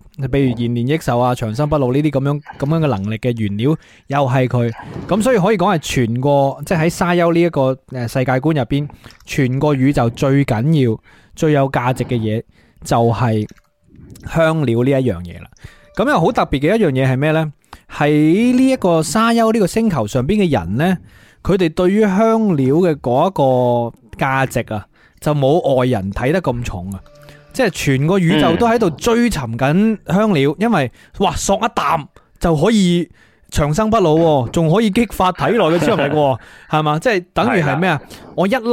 如延年益壽啊、長生不老呢啲咁樣咁樣嘅能力嘅原料，又係佢咁，所以可以講係全個即係喺沙丘呢一個誒世界觀入邊，全個宇宙最緊要、最有價值嘅嘢就係香料呢一樣嘢啦。咁又好特別嘅一樣嘢係咩呢？喺呢一個沙丘呢個星球上邊嘅人呢，佢哋對於香料嘅嗰一個價值啊，就冇外人睇得咁重啊。即係全個宇宙都喺度追尋緊香料，嗯、因為哇，索一啖就可以長生不老，仲可以激發體內嘅超能力，係 嘛？即、就、係、是、等於係咩啊？我一粒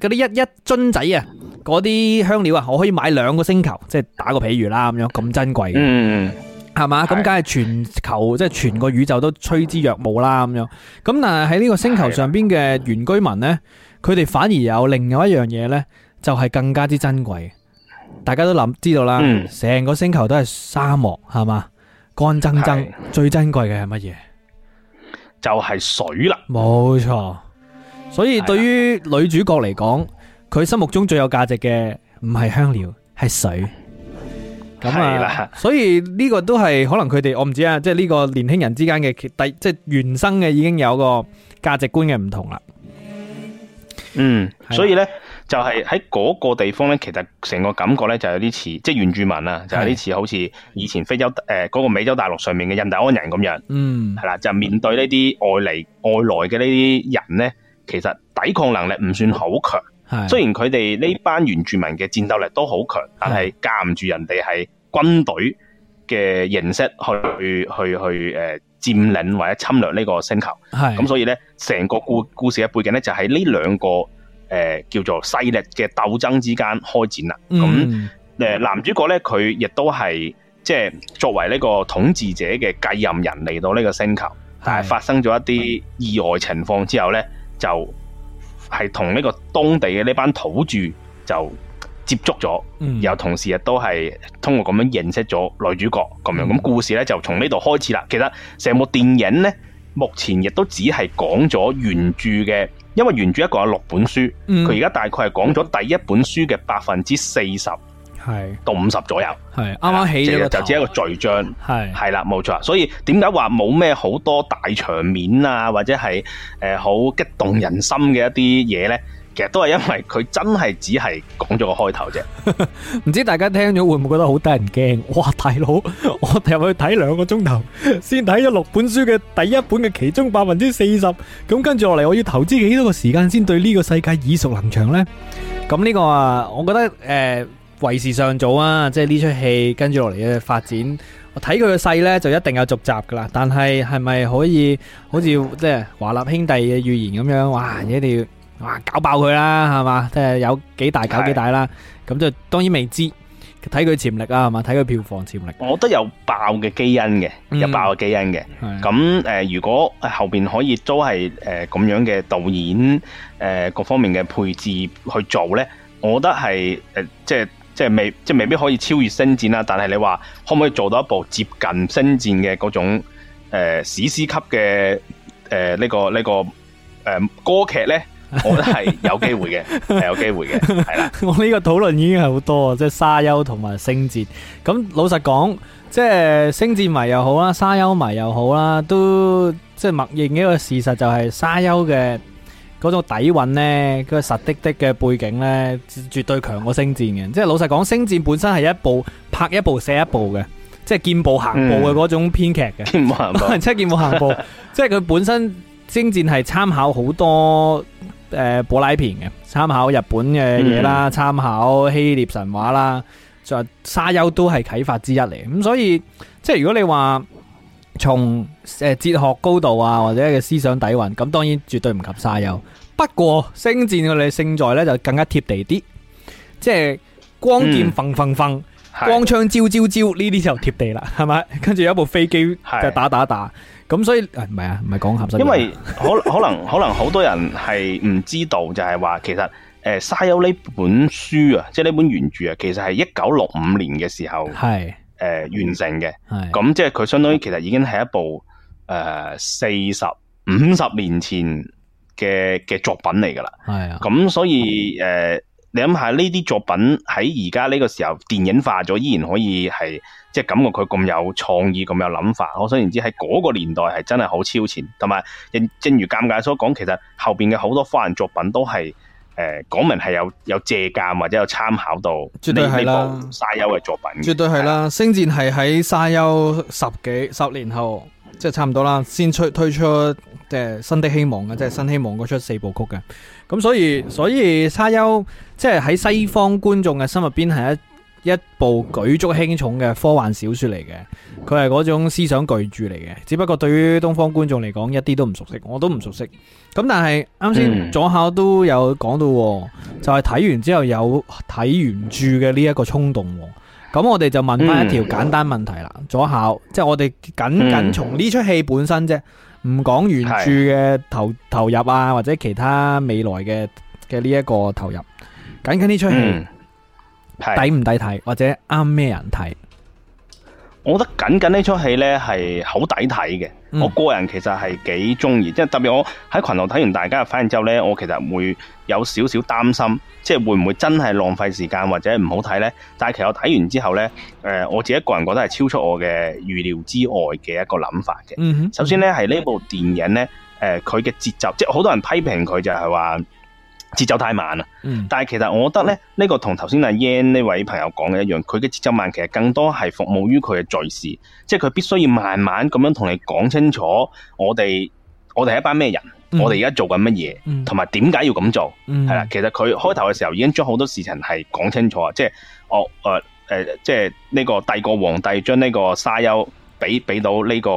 嗰啲一一樽仔啊，嗰啲香料啊，我可以買兩個星球，即係打個比喻啦，咁樣咁珍貴，係、嗯、嘛？咁梗係全球，即、就、係、是、全個宇宙都趨之若鶩啦，咁樣咁。但係喺呢個星球上邊嘅原居民呢，佢哋反而有另外一樣嘢呢，就係更加之珍貴。大家都諗知道啦，成、嗯、個星球都係沙漠，係嘛，乾爭爭，最珍貴嘅係乜嘢？就係、是、水啦，冇錯。所以對於女主角嚟講，佢心目中最有價值嘅唔係香料，係水。係啦、啊，所以呢個都係可能佢哋我唔知啊，即係呢個年輕人之間嘅第即係原生嘅已經有個價值觀嘅唔同啦。嗯，所以咧，就係喺嗰個地方咧，其實成個感覺咧，就有啲似，即係原住民啊，就有啲似好似以前非洲誒嗰個美洲大陸上面嘅印第安人咁樣。嗯，係啦，就面對呢啲外嚟外來嘅呢啲人咧，其實抵抗能力唔算好強。雖然佢哋呢班原住民嘅戰鬥力都好強，但係夾唔住人哋係軍隊嘅形式去去去誒。呃佔領或者侵略呢個星球，咁所以咧，成個故故事嘅背景咧就喺呢兩個誒、呃、叫做勢力嘅鬥爭之間開展啦。咁誒男主角咧佢亦都係即係作為呢個統治者嘅繼任人嚟到呢個星球，但係發生咗一啲意外情況之後咧，就係同呢個當地嘅呢班土著就。接觸咗，然後同時亦都係通過咁樣認識咗女主角咁、嗯、樣，咁故事咧就從呢度開始啦。其實成部電影咧，目前亦都只係講咗原著嘅，因為原著一共有六本書，佢而家大概係講咗第一本書嘅百分之四十，係、嗯、到五十左右，係啱啱起咗就，就只係一個序章，係係啦，冇錯。所以點解話冇咩好多大場面啊，或者係誒好激動人心嘅一啲嘢咧？其實都係因為佢真係只係講咗個開頭啫，唔知大家聽咗會唔會覺得好得人驚？哇！大佬，我入去睇兩個鐘頭，先睇咗六本書嘅第一本嘅其中百分之四十，咁跟住落嚟，我要投資幾多個時間先對呢個世界耳熟能詳呢？咁呢個啊，我覺得誒、呃，為時尚早啊！即係呢出戲跟住落嚟嘅發展，我睇佢嘅勢呢，就一定有續集噶啦。但係係咪可以好似即係華納兄弟嘅預言咁樣？哇！一定要～哇！搞爆佢啦，係嘛？即係有幾大搞幾大啦，咁就當然未知，睇佢潛力啊，係嘛？睇佢票房潛力。我覺得有爆嘅基因嘅，有爆嘅基因嘅。咁、嗯、誒、呃，如果後邊可以都係誒咁樣嘅導演誒、呃，各方面嘅配置去做咧，我覺得係誒、呃，即係即係未即係未必可以超越《星戰》啦。但係你話可唔可以做到一部接近《星戰》嘅嗰種誒史詩級嘅誒、呃這個這個呃、呢個呢個誒歌劇咧？我覺得係有機會嘅，係 有機會嘅，係啦。 我呢個討論已經係好多啊，即係沙丘同埋星戰。咁老實講，即係星戰迷又好啦，沙丘迷又好啦，都即係默認一個事實，就係沙丘嘅嗰種底蘊呢，嗰個實滴滴嘅背景呢，絕對強過星戰嘅。即係老實講，星戰本身係一部拍一部寫一部嘅，即係見步行步嘅嗰種編劇嘅，嗯，見步行步，即係見步行步。即係佢本身星戰係參考好多。誒，柏拉片嘅參考日本嘅嘢啦，參考希臘神話啦，就沙丘都係啟發之一嚟。咁所以即係如果你話從誒哲學高度啊，或者嘅思想底蘊，咁當然絕對唔及沙丘。不過星戰佢哋勝在咧就更加貼地啲，即係光劍縫縫縫。光槍招招招呢啲就貼地啦，係咪？跟 住有一部飛機就打打打，咁所以誒唔係啊，唔係講合身。因為可能 可能可能好多人係唔知道就是說，就係話其實誒《沙丘》呢本書啊，即係呢本原著啊，其實係一九六五年嘅時候係誒、呃、完成嘅。係咁即係佢相當於其實已經係一部誒四十五十年前嘅嘅作品嚟噶啦。係啊，咁所以誒。呃你諗下呢啲作品喺而家呢個時候電影化咗，依然可以係即係感覺佢咁有創意、咁有諗法。可想而知喺嗰個年代係真係好超前，同埋正正如尷尬所講，其實後邊嘅好多科幻作品都係誒講明係有有借鑒或者有參考到。絕對係啦，呢部沙丘嘅作品絕對係啦。星戰係喺沙丘十幾十年後，即係差唔多啦，先出推出，推出即係新的希望嘅，即係新希望嗰出四部曲嘅。咁所以所以《沙丘》即係喺西方觀眾嘅心入邊係一一部舉足輕重嘅科幻小說嚟嘅，佢係嗰種思想巨著嚟嘅。只不過對於東方觀眾嚟講一啲都唔熟悉，我都唔熟悉。咁但係啱先左考都有講到，嗯、就係睇完之後有睇原著嘅呢一個衝動。咁我哋就問翻一條簡單問題啦，嗯、左考，即係我哋僅僅從呢出戲本身啫。唔講原著嘅投投入啊，或者其他未來嘅嘅呢一個投入，僅僅呢出戲、嗯，抵唔抵睇，或者啱咩人睇？我覺得僅僅呢出戲呢係好抵睇嘅、嗯，我個人其實係幾中意，即係特別我喺群度睇完大家嘅反應之後呢，我其實會有少少擔心。即係會唔會真係浪費時間或者唔好睇呢？但係其實我睇完之後呢，誒、呃，我自己一個人覺得係超出我嘅預料之外嘅一個諗法嘅。Mm -hmm. 首先呢，係呢部電影呢，Mm-hmm，誒、呃，佢嘅節奏，即係好多人批評佢就係話節奏太慢啦。Mm -hmm. 但係其實我覺得呢，呢個同頭先阿 Yen 呢位朋友講嘅一樣，佢嘅節奏慢，其實更多係服務於佢嘅敘事，即係佢必須要慢慢咁樣同你講清楚我，我哋我哋係一班咩人。嗯、我哋而家做緊乜嘢，同埋點解要咁做，係、嗯、啦。其實佢開頭嘅時候已經將好多事情係講清楚啊、嗯，即係，哦，誒，誒，即係呢個帝國皇帝將呢個沙丘俾俾到呢個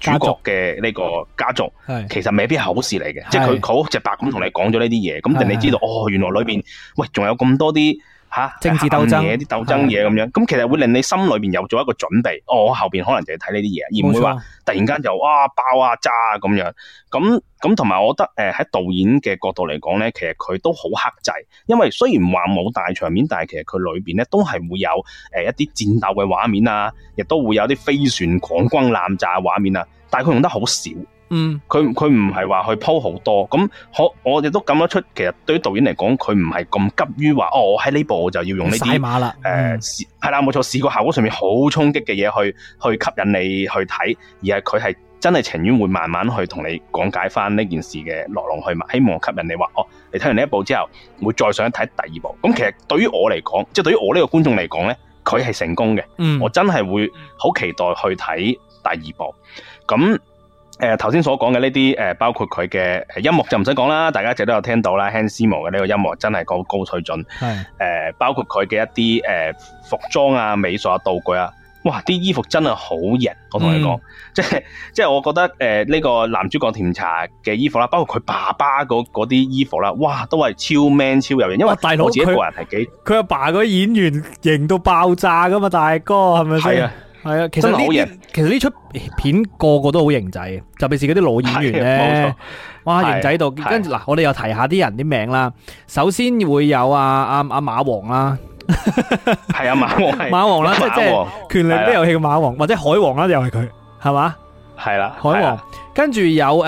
主角嘅呢個家族，家族，其實未必係好事嚟嘅，即係佢好直白咁同你講咗呢啲嘢，咁定你知道，哦，原來裏邊喂仲有咁多啲。吓，政治鬥爭嘢，啲、啊、鬥爭嘢咁樣，咁其實會令你心裏邊有咗一個準備，我、哦、後邊可能就係睇呢啲嘢，而唔會話突然間就哇、啊、爆啊炸啊咁樣，咁咁同埋我覺得誒喺導演嘅角度嚟講咧，其實佢都好克制，因為雖然話冇大場面，但係其實佢裏邊咧都係會有誒一啲戰鬥嘅畫面啊，亦都會有啲飛船狂轟濫炸嘅畫面啊，但係佢用得好少。嗯，佢佢唔係話去鋪好多，咁可我哋都感覺出，其實對於導演嚟講，佢唔係咁急於話哦，我喺呢部我就要用呢啲，誒，係啦，冇錯，視覺效果上面好衝擊嘅嘢去去吸引你去睇，而係佢係真係情願會慢慢去同你講解翻呢件事嘅來龍去脈，希望吸引你話哦，你睇完呢一部之後會再想睇第二部。咁其實對於我嚟講，即係對於我呢個觀眾嚟講咧，佢係成功嘅、嗯，我真係會好期待去睇第二部，咁。誒、呃，頭先所講嘅呢啲誒，包括佢嘅音樂就唔使講啦，大家一直都有聽到啦。Hans Zimmer 嘅呢個音樂樂 真係高高水準。係誒、呃，包括佢嘅一啲誒、呃、服裝啊、美術啊、道具啊，哇，啲衣服真係好型。我同你講、嗯，即係即係，我覺得誒呢、呃這個男主角甜茶嘅衣服啦、啊，包括佢爸爸嗰啲衣服啦、啊，哇，都係超 man 超有型。因為我自己個人係幾，佢、啊、阿爸啲演員型到爆炸㗎嘛，大哥係咪啊？係啊，其實呢其實呢出片個個都好型仔，特別是嗰啲老演員咧，哇，型仔到。跟住嗱，我哋又提下啲人啲名啦。首先會有啊，阿阿馬王啦，係阿馬王，馬王啦，馬王啦 馬王啦，馬王，即係權力的遊戲嘅馬王，或者海王啦又係佢，係嘛？係啦，海王。跟住有誒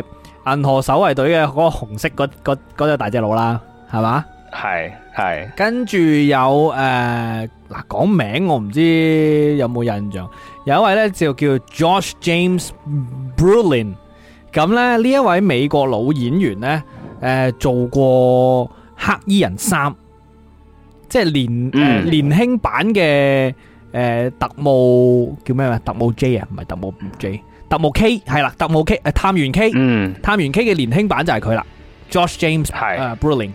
銀、呃、河守衛隊嘅嗰個紅色嗰嗰隻大隻佬啦，係嘛？係係。跟住有誒。呃講、啊、名我唔知有冇印象，有一位咧就叫 Josh James Brolin，咁咧呢一位美國老演員咧，誒、呃、做過黑衣人三，即、呃、係年年輕版嘅誒、呃、特務叫咩？特務 J 啊，唔係特務 J，特務 K 係啦，特務 K 誒探員 K，、嗯、探員 K 嘅年輕版就係佢啦，Josh James 係啊 Brolin，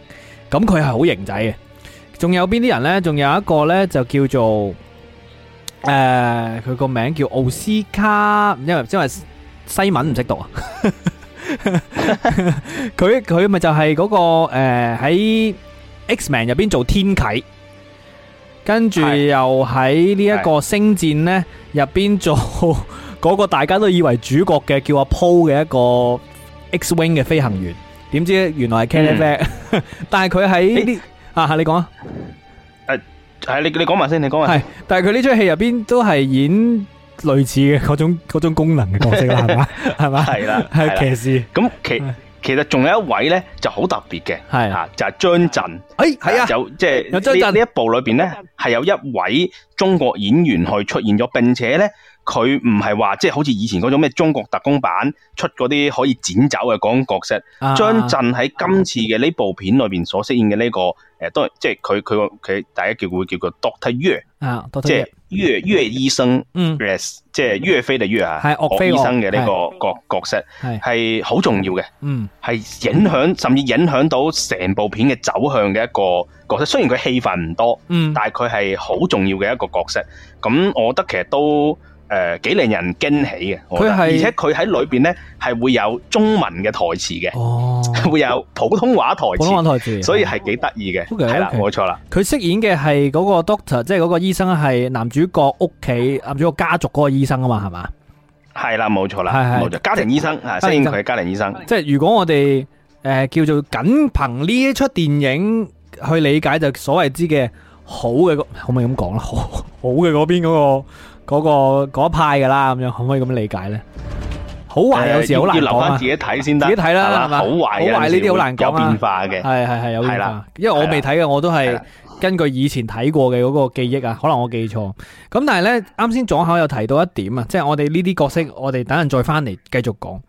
咁佢係好型仔嘅。呃 Brolin。仲有邊啲人呢？仲有一個呢，就叫做誒，佢個名叫奧斯卡，因為因為西文唔識讀啊。佢佢咪就係嗰個誒喺 X-Men 入邊做天啟，跟住又喺呢一個星戰呢入邊做嗰個大家都以為主角嘅叫阿 Poe 嘅一個 X-Wing 嘅飛行員，點知原來係 Caleb，但係佢喺呢。啊，你講啊，誒，係你你講埋先，你講埋。係，但係佢呢出戲入邊都係演類似嘅嗰種嗰種功能嘅角色啦，係 嘛是吧，係 嘛，係啦，係騎士。咁其其實仲有一位咧就好特別嘅，係啊，就係張震。誒、哎，係啊，就即係張震。呢一部裏邊咧係有一位中國演員去出現咗，並且咧。佢唔係話即係好似以前嗰種咩中國特工版出嗰啲可以剪走嘅講角色，啊、將震喺今次嘅呢部片裏邊所飾演嘅呢個誒，都、呃、即係佢佢佢，大家叫會叫個 doctor 岳啊，Ye, 即係岳岳醫生，嗯，即係 e 飛嘅岳啊，岳醫生嘅呢個角角色係好重要嘅，嗯，係影響甚至影響到成部片嘅走向嘅一個角色，雖然佢戲份唔多，嗯、但係佢係好重要嘅一個角色，咁我覺得其實都。誒、呃，幾令人驚喜嘅，佢係而且佢喺裏邊咧係會有中文嘅台詞嘅，哦，會有普通話台詞，普通話台詞，所以係幾得意嘅，係、哦、啦，冇、okay, 錯啦。佢飾演嘅係嗰個 doctor，即係嗰個醫生係男主角屋企，男主角家族嗰個醫生啊嘛，係嘛？係啦，冇錯啦，冇錯，家庭醫生啊，飾演佢嘅家庭醫生。即係如果我哋誒、呃、叫做僅憑呢一出電影去理解就所謂之嘅好嘅，可唔可以咁講啦？好嘅嗰好嘅嗰邊嗰、嗰個。嗰、嗰個嗰派㗎啦，咁樣可唔可以咁理解咧？好壞有時好難講啊，自，自己睇先得，自己睇啦，係嘛？好壞呢啲好難講變化嘅，係係係有變化，的的有變化。因為我未睇嘅，我都係根據以前睇過嘅嗰個記憶啊。可能我記錯。咁但係咧，啱先左口有提到一點啊，即、就、係、是、我哋呢啲角色，我哋等陣再翻嚟繼續講。誒、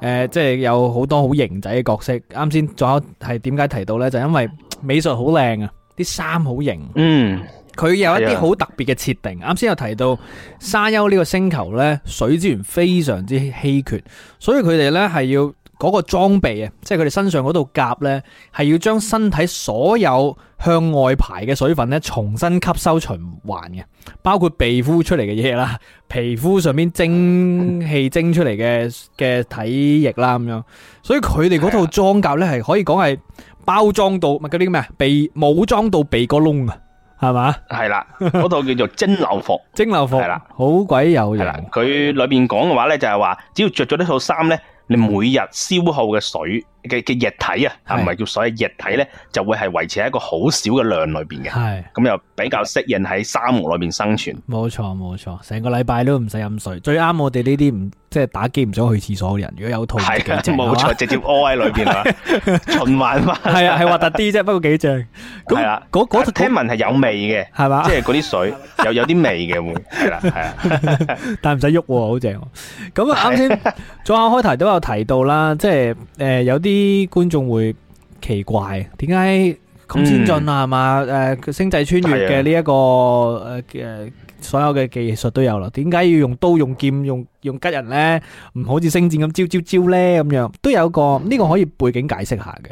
呃，即、就、係、是、有好多好型仔嘅角色。啱先左口係點解提到咧？就是、因為美術好靚啊，啲衫好型。嗯。佢有一啲好特別嘅設定，啱先、啊、有提到沙丘呢個星球呢，水資源非常之稀缺，所以佢哋呢係要嗰個裝備啊，即係佢哋身上嗰套甲呢，係要將身體所有向外排嘅水分呢重新吸收循環嘅，包括皮膚出嚟嘅嘢啦，皮膚上面蒸氣蒸出嚟嘅嘅體液啦咁樣，所以佢哋嗰套裝甲呢，係可以講係包裝到，唔係嗰啲叫咩啊，被武裝到鼻哥窿啊！係咪？係喇，嗰套叫做蒸餾服， 蒸餾服係啦，好鬼有名。佢裏面講嘅話呢，就係話只要着咗呢套衫呢，你每日消耗嘅水。嘅嘅液體啊，嚇唔係叫所謂，液體咧就會係維持喺一個好少嘅量裏邊嘅，係咁又比較適應喺沙漠裏邊生存。冇錯冇錯，成個禮拜都唔使飲水，最啱我哋呢啲唔即係打機唔想去廁所嘅人。如果有肚，係啊冇錯，直接屙喺裏邊啦，循環嘛。係啊，係核突啲啫，不過幾正。係啦，嗰嗰聽聞係有味嘅，係嘛？即係嗰啲水又有啲味嘅會係啊，但係唔使喐，好正。咁啱先左下開頭都有提到啦，即係誒有啲。啲觀眾會奇怪，點解咁先進啊？係、嗯、嘛、誒、星際穿越嘅呢一個誒嘅所有嘅技術都有啦，點解要用刀、用劍、用用吉人咧？唔好似星戰咁招招招咧咁樣朝朝朝呢，都有個呢、這個可以背景解釋下嘅。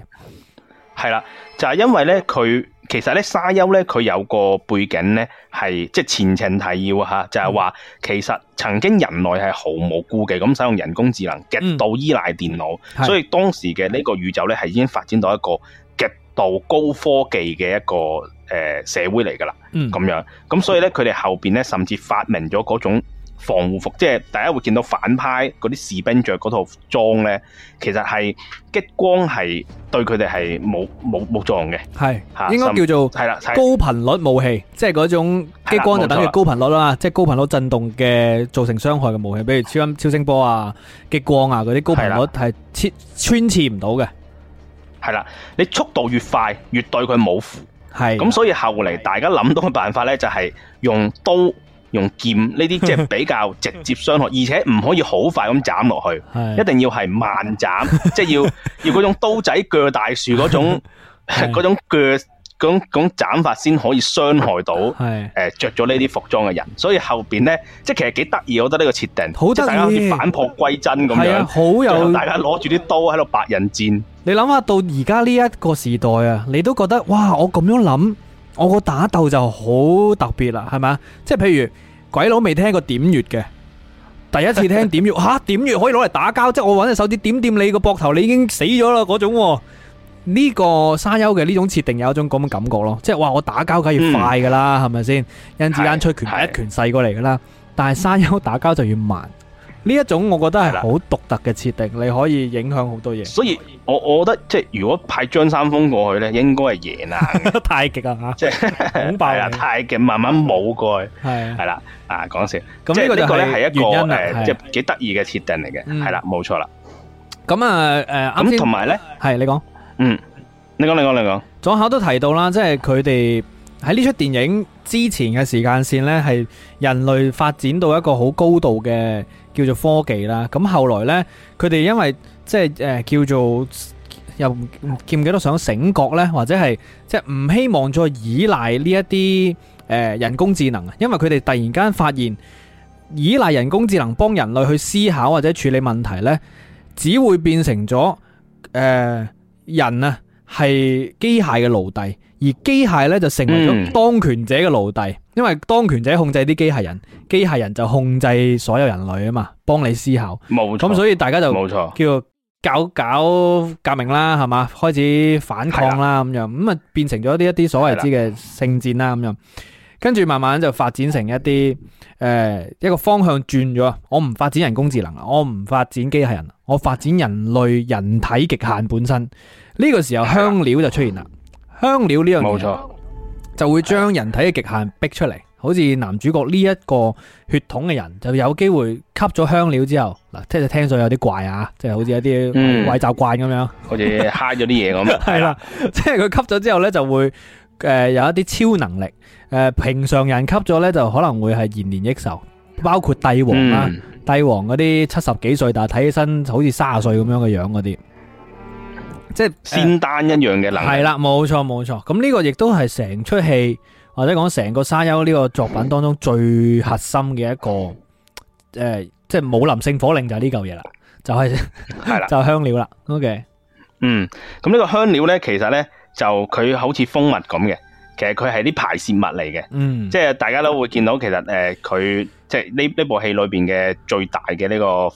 係啦，就係、是、因為咧佢。其實咧，沙丘咧，佢有個背景咧，係即前情提要就係、是、話、嗯、其實曾經人類係毫無顧忌咁使用人工智能，極度依賴電腦、嗯，所以當時嘅呢個宇宙咧係已經發展到一個極度高科技嘅一個、呃、社會嚟噶啦，咁樣咁、嗯嗯、所以咧，佢哋後面咧甚至發明咗嗰種。防護服，即係大家會見到反派嗰啲士兵着嗰套裝咧，其實係激光係對佢哋係冇冇冇作用嘅，係應該叫做係啦，高頻率武器，即係嗰種激光就等於高頻率啦，即係高頻率震動嘅造成傷害嘅武器，比如超音超聲波啊、激光啊嗰啲高頻率係穿穿刺唔到嘅，係啦，你速度越快越對佢冇符，係咁，所以後嚟大家諗到嘅辦法咧就係用刀。用劍呢啲即係比較直接傷害， 而且唔可以好快咁斬落去，一定要係慢斬，即 係要要嗰種刀仔鋸大樹嗰種嗰 是 種鋸種斬法先可以傷害到，係誒、呃、着咗呢啲服裝嘅人。所以後邊呢，即係其實幾得意，我覺得呢個設定很、就是、好似反璞歸真咁樣，好、啊、有大家攞住啲刀喺度白刃戰。你諗下到而家呢一個時代啊，你都覺得哇，我咁樣諗。我個打鬥就好特別啦，係咪啊？即係譬如鬼佬未聽過點穴嘅，第一次聽點穴，吓、 啊、點穴可以攞嚟打交，即係我搵隻手指點點你個膊頭，你已經死咗啦嗰種。呢、這個沙丘嘅呢種設定有一種咁嘅感覺咯，即係話我打交梗係要快噶啦，係咪先？甄子丹出拳一拳細過嚟噶啦，但係沙丘打交就要慢。呢一種我覺得係好獨特嘅設定的，你可以影響好多嘢。所以，以我我覺得即係如果派張三豐過去咧，應該係贏啊！太極啊，即係恐怖啊！太極慢慢冇過去，係係啦，啊講笑。咁、嗯、呢一個咧係一個誒，即係幾得意嘅設定嚟嘅，係啦，冇錯啦。咁啊誒，咁同埋咧係你講，嗯，你講你講你講。左口都提到啦，即係佢哋。喺呢出電影之前嘅時間線呢，係人類發展到一個好高度嘅叫做科技啦。咁後來呢，佢哋因為即係、呃、叫做又唔唔記唔記得想醒覺呢，或者係即係唔希望再依賴呢一啲誒人工智能啊，因為佢哋突然間發現依賴人工智能幫人類去思考或者處理問題呢，只會變成咗誒、呃、人啊係機械嘅奴隸。而機械咧就成為咗當權者嘅奴隸、嗯，因為當權者控制啲機械人，機械人就控制所有人類啊嘛，幫你思考。冇錯，咁所以大家就冇錯叫做搞搞革命啦，係嘛？開始反抗啦咁樣，咁啊變成咗呢一啲所謂之嘅聖戰啦咁樣。跟住慢慢就發展成一啲誒、呃、一個方向轉咗，我唔發展人工智能啦，我唔發展機械人，我發展人類人體極限本身。呢、呢個時候香料就出現啦。香料呢樣嘢，冇錯，就會將人體嘅極限逼出嚟。好似男主角呢一個血統嘅人，就有機會吸咗香料之後，嗱，聽就聽上有啲怪啊，即、就、係、是、好似有啲壞習慣咁樣，嗯、 好似嗨咗啲嘢咁。係啦， 即係佢吸咗之後呢，就會誒有一啲超能力。誒，平常人吸咗呢，就可能會係延年益壽，包括帝王啦、啊嗯，帝王嗰啲七十幾歲，但係睇起身好似三十歲咁樣嘅樣嗰啲。即係仙丹一樣嘅能力，係、哎、啦，冇錯冇錯。咁呢個亦都係成出戲，或者講成個沙丘呢、這個作品當中最核心嘅一個，誒、呃，即係武林聖火令就係呢嚿嘢啦，就係係啦，了 就係香料啦，OK，嗯，咁呢個香料咧，其實咧就佢好似蜂蜜咁嘅，其實佢係啲排泄物嚟嘅，嗯，即係大家都會見到，其實誒佢、呃、即係呢呢部戲裏邊嘅最大嘅呢、這個。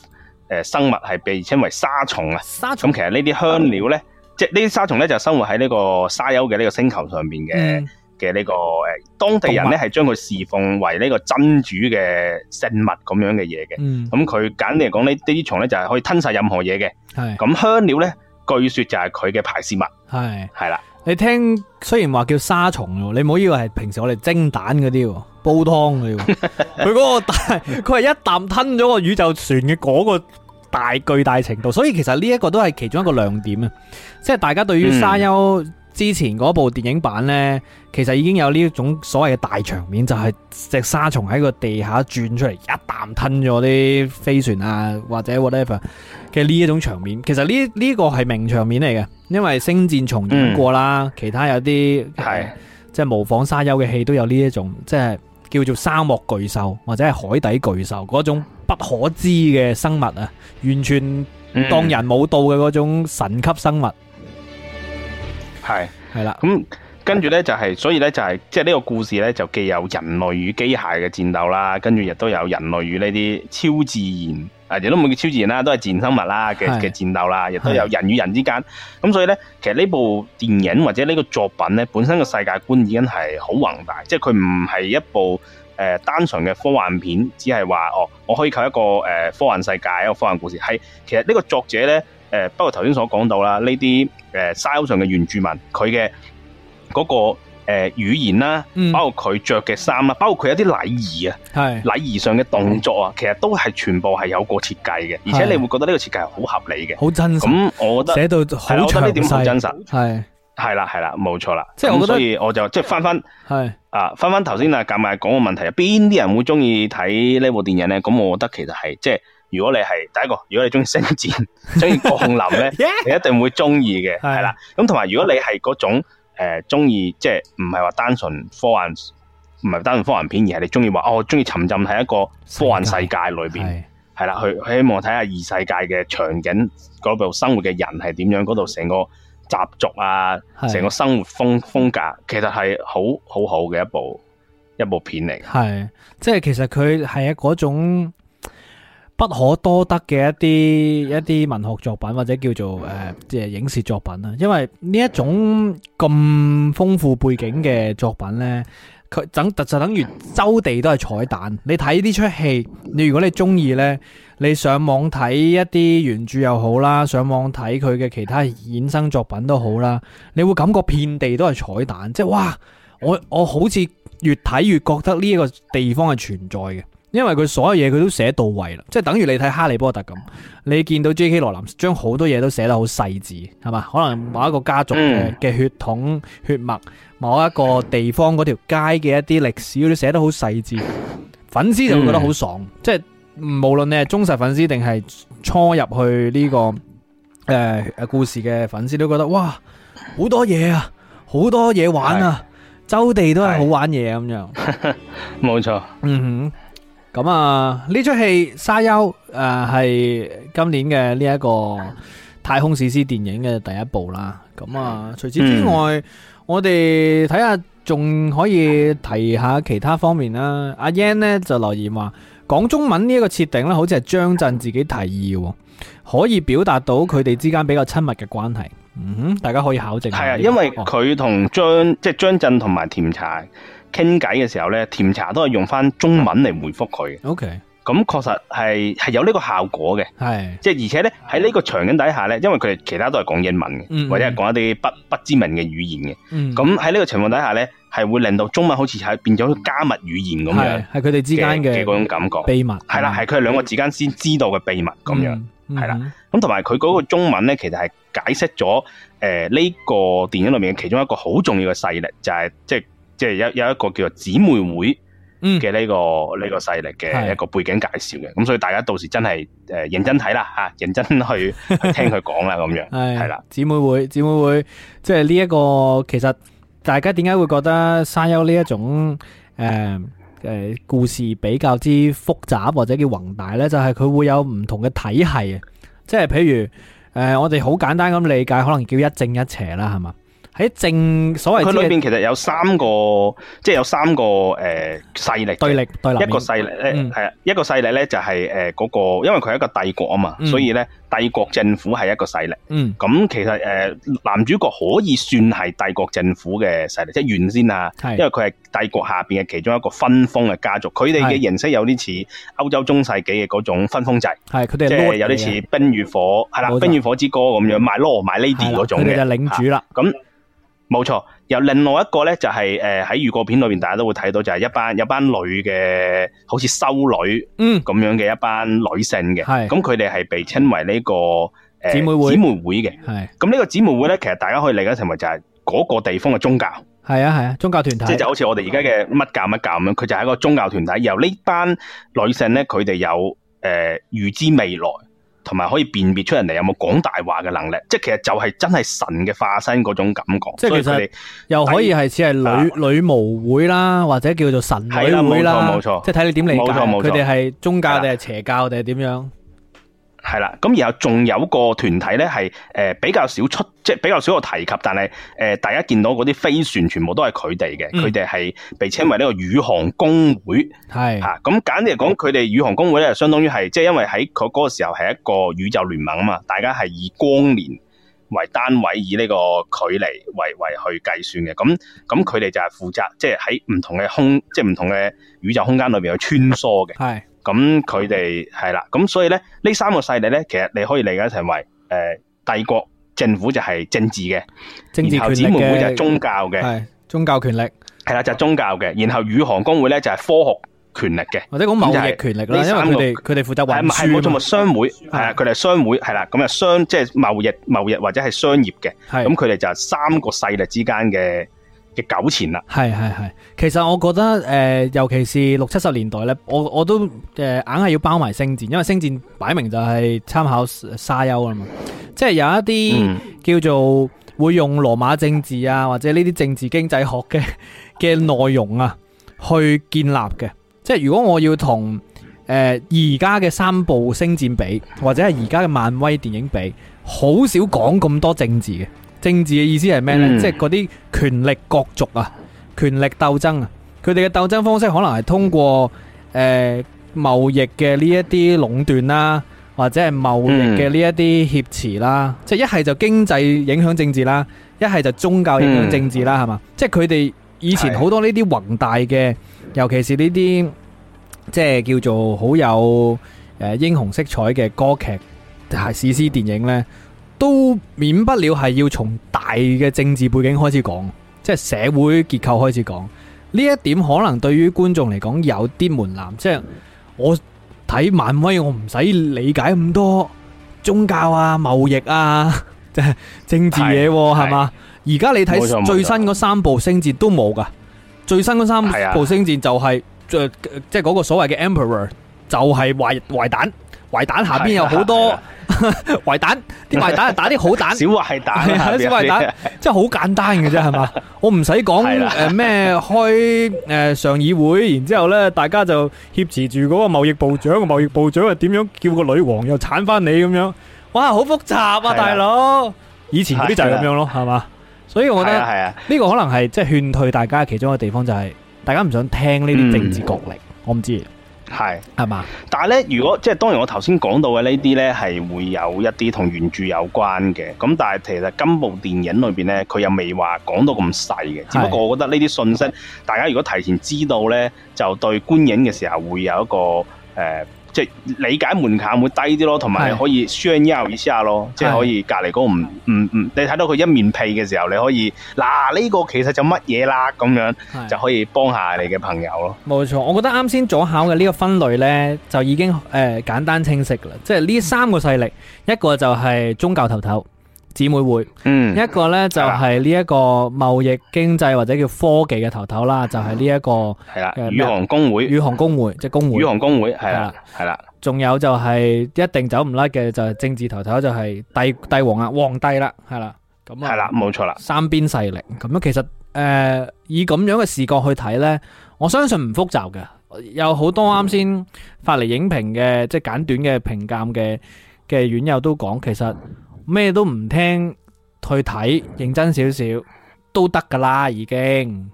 誒，生物係被稱為沙蟲啊，咁其實呢啲香料咧，即係呢啲沙蟲咧就生活喺呢個沙丘嘅呢個星球上邊嘅嘅呢個誒，當地人咧係將佢侍奉為呢個真主嘅聖物咁樣嘅嘢嘅。咁、嗯、佢簡單嚟講呢，呢啲蟲咧就係可以吞晒任何嘢嘅，係，咁香料咧據說就係佢嘅排泄物，係係啦，你聽雖然話叫沙蟲咯，你唔好以為係平時我哋蒸蛋嗰啲。煲湯佢佢嗰個大佢係一啖吞咗個宇宙船嘅嗰個大巨大程度，所以其實呢一個都係其中一個亮點啊！即係大家對於沙丘之前嗰部電影版呢、嗯，其實已經有呢一種所謂嘅大場面，就係、是、隻沙蟲喺個地下轉出嚟一啖吞咗啲飛船啊，或者 whatever，其實呢一種場面，其實呢呢、這個係名場面嚟嘅，因爲星戰重演過啦、嗯，其他有啲係即係模仿沙丘嘅戲都有呢一種即係。叫做沙漠巨獸或者係海底巨獸嗰種不可知嘅生物啊，完全當人冇到嘅嗰種神級生物，係係啦。咁、嗯、跟住呢，就係、係，所以咧就係即係呢個故事呢就既有人類與機械嘅戰鬥啦，跟住亦都有人類與呢啲超自然。啊！亦都唔會叫超自然啦，都係自然生物啦嘅嘅戰鬥啦，亦都有人與人之間。咁所以咧，其實呢部電影或者呢個作品咧，本身嘅世界觀已經係好宏大，即係佢唔係一部誒、呃、單純嘅科幻片，只係話哦，我可以靠一個誒、呃、科幻世界一個科幻故事。係其實呢個作者咧，誒、呃，包括頭先所講到啦，呢啲誒沙丘上嘅原住民，佢嘅嗰個。誒、呃，語言啦、啊嗯，包括佢着嘅衫啦，包括佢一啲禮儀啊，禮儀上嘅動作啊，其實都係全部係有個設計嘅，而且你會覺得呢個設計係好合理嘅，好真實。咁我覺得寫到好詳細，係係啦係啦，冇錯啦。即係我覺得，覺得覺得所以我就即係翻翻，係、就是、啊，翻翻頭先啊，夾埋講個問題，邊啲人會中意睇呢部電影咧？咁我覺得其實係即係，如果你係第一個，如果你中意星戰，中意降臨咧， yeah! 你一定會中意嘅，係啦。咁同埋如果你係嗰種。誒、呃，中意即係唔係話單純科幻，唔係單純科幻片，而係你中意話哦，中意沉浸喺一個科幻世界裏邊，係啦，去希望睇下異世界嘅場景，嗰度生活嘅人係點樣，嗰度成個習俗啊，成個生活風風格，其實係好好好嘅一部一部片嚟，係即係其實佢係一種。不可多得嘅一啲一啲文學作品或者叫做誒即、呃、影視作品啦，因為呢一種咁豐富背景嘅作品呢，佢等就等於周地都係彩蛋。你睇呢出戲，你如果你中意呢，你上網睇一啲原著又好啦，上網睇佢嘅其他衍生作品都好啦，你會感覺遍地都係彩蛋，即係哇！我我好似越睇越覺得呢一個地方係存在嘅。因為佢所有嘢佢都寫到位啦，即係等於你睇《哈利波特》咁，你見到 J.K. 羅琳將好多嘢都寫得好細致，係嘛？可能某一個家族嘅血統、嗯、血脈，某一個地方嗰條街嘅一啲歷史寫，佢都寫得好細致。粉絲就會覺得好爽，即係無論你係忠實粉絲定係初入去呢、這個誒、呃、故事嘅粉絲，都覺得哇，好多嘢啊，好多嘢玩啊，周地都係好玩嘢咁樣。冇 錯，嗯、mm -hmm.。咁啊，呢出戲《沙丘》誒、啊、係今年嘅呢一個太空史詩電影嘅第一部啦。咁啊，除此之外，嗯、我哋睇下仲可以提下其他方面啦。阿、啊、Ian 呢就留言話，講中文呢一個設定呢好似係張震自己提議，可以表達到佢哋之間比較親密嘅關係。嗯哼，大家可以考證係啊，因為佢同張即係張震同埋甜茶。傾偈嘅時候咧，甜茶都係用翻中文嚟回覆佢嘅。O K，咁確實係係有呢個效果嘅。係，即係而且咧喺呢個場景底下咧，因為佢其他都係講英文嘅，mm -hmm. 或者係講一啲不不知名嘅語言嘅。咁喺呢個情況底下咧，係會令到中文好似係變咗加密語言咁樣的，係佢哋之間嘅嗰種感覺秘密。係啦，係佢哋兩個之間先知道嘅秘密咁、mm -hmm. 樣。係啦，咁同埋佢嗰個中文咧，其實係解釋咗誒呢個電影裏面嘅其中一個好重要嘅勢力，就係即係。就是即係有有一個叫做姊妹會嘅呢個呢、嗯，這個勢力嘅一個背景介紹嘅，咁所以大家到時真係誒認真睇啦吓、嗯啊，認真去， 去聽佢講啦咁 樣，係啦，姊妹會姊妹會，即係呢一個其實大家點解會覺得沙丘呢一種誒誒、呃、故事比較之複雜或者叫宏大呢？就係、是、佢會有唔同嘅體系，即係譬如誒、呃、我哋好簡單咁理解，可能叫一正一邪啦，係嘛？喺正所謂佢裏邊其實有三個，即、就、係、是、有三個誒勢、呃、力，力，對立對一個勢力咧係啊，一個勢力咧、嗯、就係誒嗰個，因為佢係一個帝國啊嘛、嗯，所以咧帝國政府係一個勢力。嗯，咁其實誒、呃、男主角可以算係帝國政府嘅勢力，嗯、即係原先啊，是因為佢係帝國下邊嘅其中一個分封嘅家族，佢哋嘅形式有啲似歐洲中世紀嘅嗰種分封制，係佢哋即係有啲似冰與火，係啦，冰與火之歌咁樣賣羅買 lady 嗰種嘅領主啦，咁、啊。冇錯，又另外一個咧，就係誒喺預告片裏邊，大家都會睇到就係一班有班女嘅，好似修女嗯，咁樣嘅一班女性嘅，係咁佢哋係被稱為呢、這個誒、呃、姊妹會嘅，係咁呢個姊妹會咧，其實大家可以理解成為就係嗰個地方嘅宗教，係啊，係啊宗教團體，即係就好、是、似我哋而家嘅乜教乜教咁樣，佢就係一個宗教團體，由呢班女性咧，佢哋有誒、呃、預知未來。同埋可以辨別出人哋有冇講大話嘅能力，即係其實就係真係神嘅化身嗰種感覺。即係其實又可以係似係女、啊、女巫會啦，或者叫做神女會啦。冇錯冇錯，即係睇你點理解冇錯，佢哋係宗教定係邪教定係點樣？係啦，咁然後仲有個團體咧，係誒比較少出，即係比較少個提及，但係誒大家見到嗰啲飛船全部都係佢哋嘅，佢哋係被稱為呢個宇航公會，係吓，咁、啊、簡單嚟講，佢哋宇航公會咧，相當於係即係因為喺嗰個時候係一個宇宙聯盟啊嘛，大家係以光年為單位，以呢個距離為為去計算嘅，咁咁佢哋就係負責即係喺唔同嘅空，即係唔同嘅宇宙空間裏邊去穿梭嘅，係。咁佢哋係啦，咁所以咧呢三個勢力咧，其實你可以理解成為誒帝國政府就係政治嘅，然後姐妹會就係宗教嘅，係宗教權力，係啦就係、是、宗教嘅，然後宇航工會咧就係科學權力嘅，或者講貿易權力呢三因為佢哋佢哋負責運輸，係冇錯，咪商會係啊，佢哋係商會係啦，咁啊商即係貿易貿易或者係商業嘅，咁佢哋就係三個勢力之間嘅。嘅九錢啦，係係係，其實我覺得誒、呃，尤其是六七十年代咧，我我都誒硬係要包埋星戰，因為星戰擺明就係參考沙丘啊嘛，即係有一啲、嗯、叫做會用羅馬政治啊或者呢啲政治經濟學嘅嘅內容啊去建立嘅，即係如果我要同誒而家嘅三部星戰比，或者係而家嘅漫威電影比，好少講咁多政治嘅。政治嘅意思係咩呢？嗯、即係嗰啲權力角逐啊，權力鬥爭啊，佢哋嘅鬥爭方式可能係通過誒貿、呃、易嘅呢一啲壟斷啦，或者係貿易嘅呢一啲挾持啦、啊嗯。即係一係就經濟影響政治啦、啊，一係就宗教影響政治啦、啊，係、嗯、嘛？即係佢哋以前好多呢啲宏大嘅，尤其是呢啲即係叫做好有誒英雄色彩嘅歌劇同埋史詩電影呢。都免不了係要從大嘅政治背景開始講，即係社會結構開始講。呢一點可能對於觀眾嚟講有啲門檻，即係我睇漫威我唔使理解咁多宗教啊、貿易啊、即係政治嘢係嘛？而家你睇最新嗰三部星戰都冇㗎，最新嗰三部星戰就係、是啊、即係嗰個所謂嘅 Emperor 就係壞壞蛋。壞蛋下邊有好多壞 蛋，啲壞蛋係打啲好蛋， 小壞蛋係啊，小壞蛋，即係好簡單嘅啫，係 嘛？我唔使講誒咩開誒上議會，然之後咧，大家就挾持住嗰個貿易部長，貿易部長又點樣叫個女王又鏟翻你咁樣，哇，好複雜啊，大佬！以前嗰啲就係咁樣咯，係嘛？所以我覺得呢個可能係即係勸退大家其中一個地方，就係大家唔想聽呢啲政治角力，嗯、我唔知。係，係嘛？但係咧，如果即係，當然我頭先講到嘅呢啲咧，係會有一啲同原著有關嘅。咁但係其實今部電影裏邊咧，佢又未話講到咁細嘅。只不過我覺得呢啲信息，大家如果提前知道咧，就對觀影嘅時候會有一個誒。呃即、就、係、是、理解門檻會低啲咯，同埋可以炫耀一下咯，即係可以隔離嗰唔唔唔，你睇到佢一面屁嘅時候，你可以嗱呢、啊這個其實就乜嘢啦咁樣，就可以幫下你嘅朋友咯。冇錯，我覺得啱先左考嘅呢個分類咧，就已經誒、呃、簡單清晰啦，即係呢三個勢力，一個就係宗教頭頭。姊妹會，嗯，一個呢就係呢一個貿易經濟或者叫科技嘅頭頭啦，就係呢一個係啦。宇航工會，宇航工會即係工會，宇航工會係啦，係啦。仲有就係一定走唔甩嘅就係政治頭頭，就係帝帝王啊，皇帝啦，係啦。咁係啦，冇錯啦。三邊勢力咁樣，其實誒以咁樣嘅視角去睇呢，我相信唔複雜嘅，有好多啱先發嚟影評嘅，即係簡短嘅評鑑嘅嘅網友都講，其實。咩都唔聽，去睇認真少少都得噶啦，已經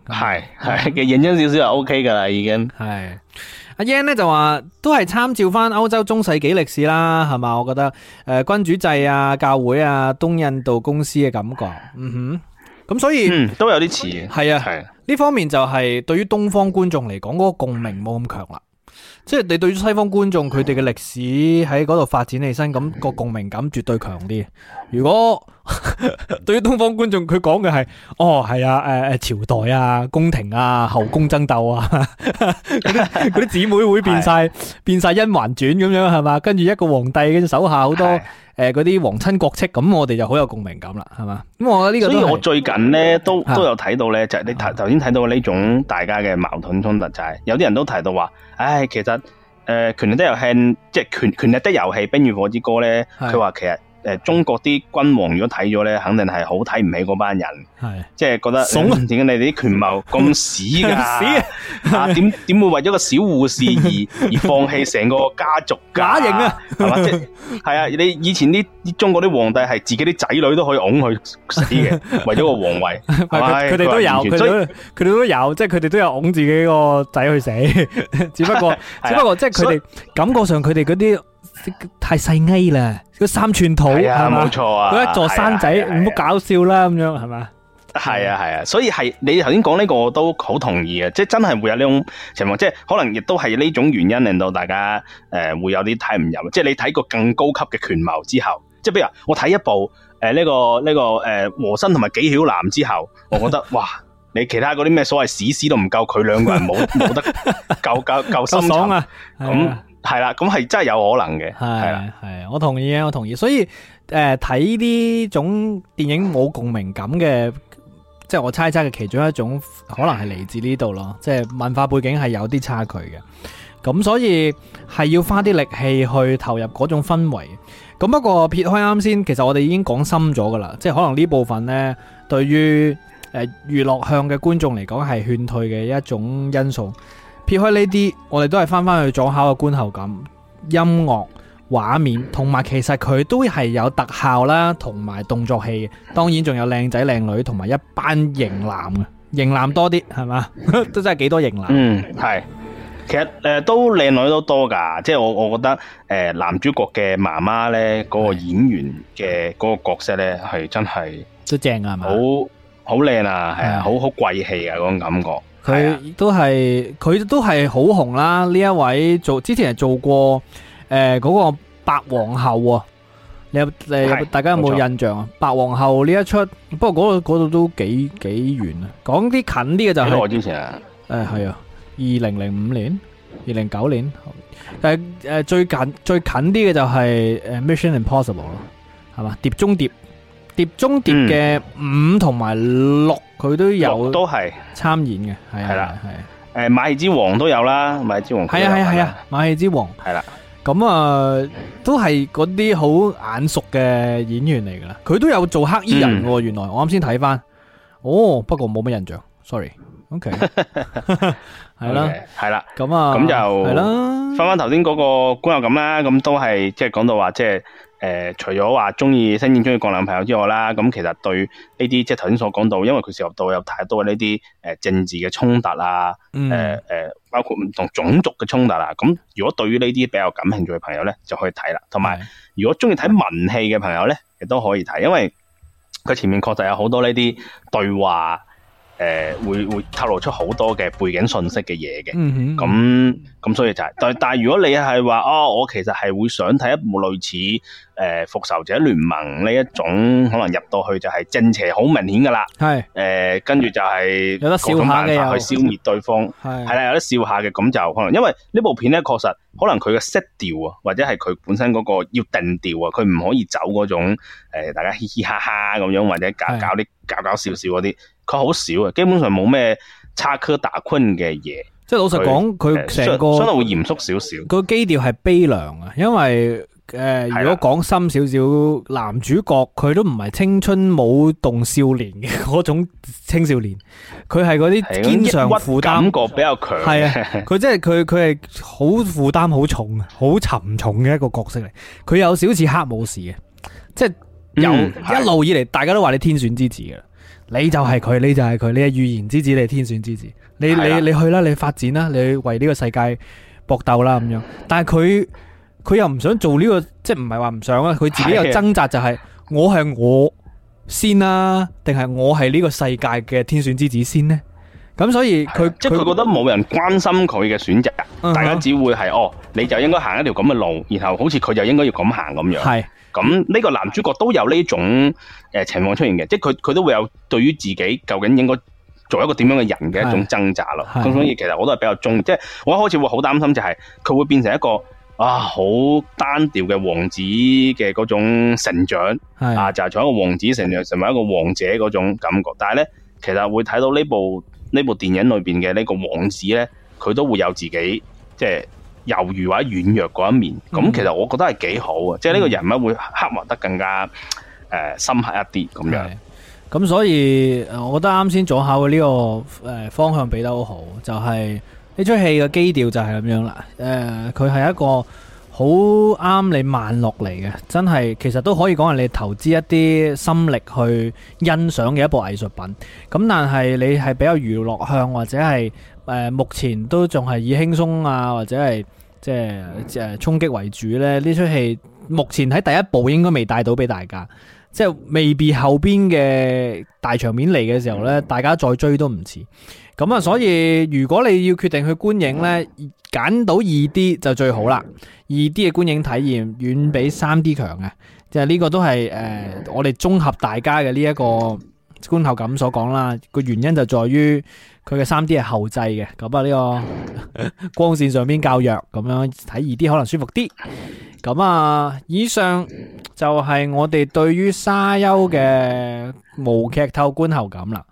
係係嘅，認真少少就 O K 噶啦，已經係。阿 Yan 呢就話都係參照翻歐洲中世紀歷史啦，係嘛？我覺得誒、呃、君主制啊、教會啊、東印度公司嘅感覺，嗯哼，咁所以、嗯、都有啲似，係啊，係呢、啊啊、方面就係對於東方觀眾嚟講嗰個共鳴冇咁強啦。即係你對於西方觀眾，佢哋嘅歷史喺嗰度發展起身，咁個共鳴感絕對強啲。如果， 對於東方觀眾，佢講嘅係，哦，係啊，誒誒，朝代啊，宮廷啊，後宮爭鬥啊，嗰 啲那些 姊妹會變晒變晒甄嬛傳咁樣，係嘛？跟住一個皇帝嘅手下好多誒嗰啲皇親國戚，咁我哋就好有共鳴感啦，係嘛？咁我呢個，所以我最近咧都都有睇到咧，就是、你頭頭先睇到呢種大家嘅矛盾衝突，就係、是、有啲人都提到話，唉、哎，其實誒、呃、權力的遊戲，即、就、係、是、權權力的遊戲冰與火之歌咧，佢話其實。誒，中國啲君王如果睇咗咧，肯定係好睇唔起嗰班人，係即係覺得，點解、嗯、你哋啲權謀咁屎咁屎啊？點點、啊、會為咗個小護士而 而放棄成個家族、啊、假型啊？係嘛？ 即係啊！你以前啲中國啲皇帝係自己啲仔女都可以拱佢去死嘅，為咗個皇位，佢 哋都有，佢哋都有，即係佢哋都有拱 自己個仔去死 只不過， 只不過只不過即係佢哋感覺上佢哋嗰啲。太細矮啦，三寸土冇錯嗰一座山仔，唔好、啊啊啊、搞笑啦，咁樣係嘛，係啊係啊，啊，啊，所以係你頭先講呢個，我都好同意啊。即、就、係、是、真係會有呢種情況，即、就、係、是、可能亦都係呢種原因令到大家誒、呃、會有啲睇唔入，即、就、係、是、你睇過更高級嘅權謀之後，即、就、係、是、比如我睇一部誒呢、呃這個呢、這個誒、呃、和珅同埋紀曉嵐之後，我覺得 哇，你其他嗰啲咩所謂史詩都唔夠佢兩個人冇冇 得夠夠夠深沉啊咁。係啦，咁係真係有可能嘅。係啦，係，我同意，我同意。所以，誒、呃，睇呢種電影冇共鳴感嘅，即係我猜測嘅其中一種可能係嚟自呢度咯。即係文化背景係有啲差距嘅，咁所以係要花啲力氣去投入嗰種氛圍。咁不過撇開啱先，其實我哋已經講深咗噶啦，即係可能呢部分呢，對於誒娛樂向嘅觀眾嚟講係勸退嘅一種因素。撇開呢啲，我哋都係翻翻去左考嘅觀後感，音樂、畫面，同埋其實佢都係有特效啦，同埋動作戲，當然仲有靚仔靚女，同埋一班型男啊，型男多啲係嘛， 都真係幾多型男。嗯，係，其實誒、呃、都靚女都多噶，即係我我覺得誒、呃、男主角嘅媽媽呢嗰個演員嘅嗰個角色呢，係真係都正啊，係嘛，好好靚啊，係啊，好好貴氣啊嗰種感覺。佢都係佢都係好紅啦！呢一位做之前係做過誒嗰、呃那個白皇后啊，你有誒大家有冇印象啊？白皇后呢一出，不過嗰嗰度都幾幾遠啊！講啲近啲嘅就係、是、我之前啊，誒、哎、係啊，二零零五年、二零九年，誒最近最近啲嘅就係誒 Mission Impossible 咯，係嘛碟中碟。碟中諜嘅五同埋六，佢都有參，都係參演嘅，係啦、啊，係誒、啊啊，馬戲之王都有啦，啊啊啊、馬戲之王，係啊，係啊，係啊，馬戲之王，係啦、啊，咁啊，都係嗰啲好眼熟嘅演員嚟噶啦，佢都有做黑衣人喎、嗯，原來我啱先睇翻，哦，不過冇乜印象，sorry，ok，係啦，係啦，咁啊，咁、啊、就係啦，翻翻頭先嗰個觀後感啦，咁都係即係講到話即係。就是誒、呃，除咗話中意新英中意國男朋友之外啦，咁其實對呢啲即係頭先所講到，因為佢涉及到有太多呢啲誒政治嘅衝突啊，誒、嗯、誒、呃，包括唔同種族嘅衝突啊。咁如果對於呢啲比較感興趣嘅朋友咧，就可以睇啦。同埋如果中意睇文戲嘅朋友咧，亦都可以睇，因為佢前面確實有好多呢啲對話。誒、呃，會會透露出好多嘅背景信息嘅嘢嘅。咁、嗯、咁所以就係、是，但但如果你係話哦，我其實係會想睇一部類似誒《復、呃、仇者聯盟》呢一種可能入到去就係正邪好明顯噶啦，係誒跟住就係有得笑去消滅對方係啦，有得笑下嘅。咁就可能因為呢部片咧，確實可能佢嘅色調啊，或者係佢本身嗰個要定調啊，佢唔可以走嗰種誒、呃、大家嘻嘻哈哈咁樣，或者搞搞啲搞搞笑笑嗰啲。佢好少啊，基本上冇咩插科打諢嘅嘢。即係老實講，佢成個相會嚴肅少少。個基調係悲涼啊，因為誒、呃，如果講深少少，男主角佢都唔係青春舞動少年嘅嗰種青少年，佢係嗰啲肩上負擔感覺比較強。係啊，佢即係佢佢係好負擔好重啊，好沉重嘅一個角色嚟。佢 有少少似黑武士嘅，即係有一路以嚟，大家都話你天選之子嘅。你就係佢，你就係佢，你係預言之子，你係天選之子，你你你去啦，你發展啦，你為呢個世界搏鬥啦咁樣。但係佢佢又唔想做呢個，即係唔係話唔想啊？佢自己又掙扎，就係我係我先啦，定係我係呢個世界嘅天選之子先呢？咁所以佢即係佢覺得冇人關心佢嘅選擇噶、嗯，大家只會係哦，哦，你就應該行一條咁嘅路，然後好似佢就應該要咁行咁樣。係，咁呢個男主角都有呢種誒情況出現嘅，即係佢佢都會有對於自己究竟應該做一個點樣嘅人嘅一種掙扎咯。咁所以其實我都係比較中意，即係我一開始會好擔心就係佢會變成一個啊好單調嘅王子嘅嗰種成長，啊就係從一個王子成長成為一個王者嗰種感覺。但係咧，其實會睇到呢部。呢部電影裏邊嘅呢個王子呢，佢都會有自己即係猶豫或者軟弱嗰一面。咁、嗯、其實我覺得係幾好啊、嗯，即係呢個人物會刻畫得更加誒、呃、深刻一啲咁樣。咁所以，我覺得啱先左考嘅呢個誒、呃、方向俾得好好，就係、是、呢出戲嘅基調就係咁樣啦。誒、呃，佢係一個。好啱你慢落嚟嘅，真係其實都可以講係你投資一啲心力去欣賞嘅一部藝術品。咁但係你係比較娛樂向，或者係、呃、目前都仲係以輕鬆啊，或者係即係誒衝擊為主呢，呢出戲目前喺第一部應該未帶到俾大家，即係未必後邊嘅大場面嚟嘅時候呢，大家再追都唔遲。咁、嗯、啊，所以如果你要決定去觀影呢，揀到二 D 就最好啦。二 D 嘅觀影體驗遠比三 D 強嘅，即係呢個都係誒、呃，我哋綜合大家嘅呢一個觀後感所講啦。個原因就在於佢嘅三 D 係後製嘅，咁啊呢、呢個光線上面較弱，咁樣睇二 D 可能舒服啲。咁啊，以上就係我哋對於沙丘嘅無劇透觀後感啦。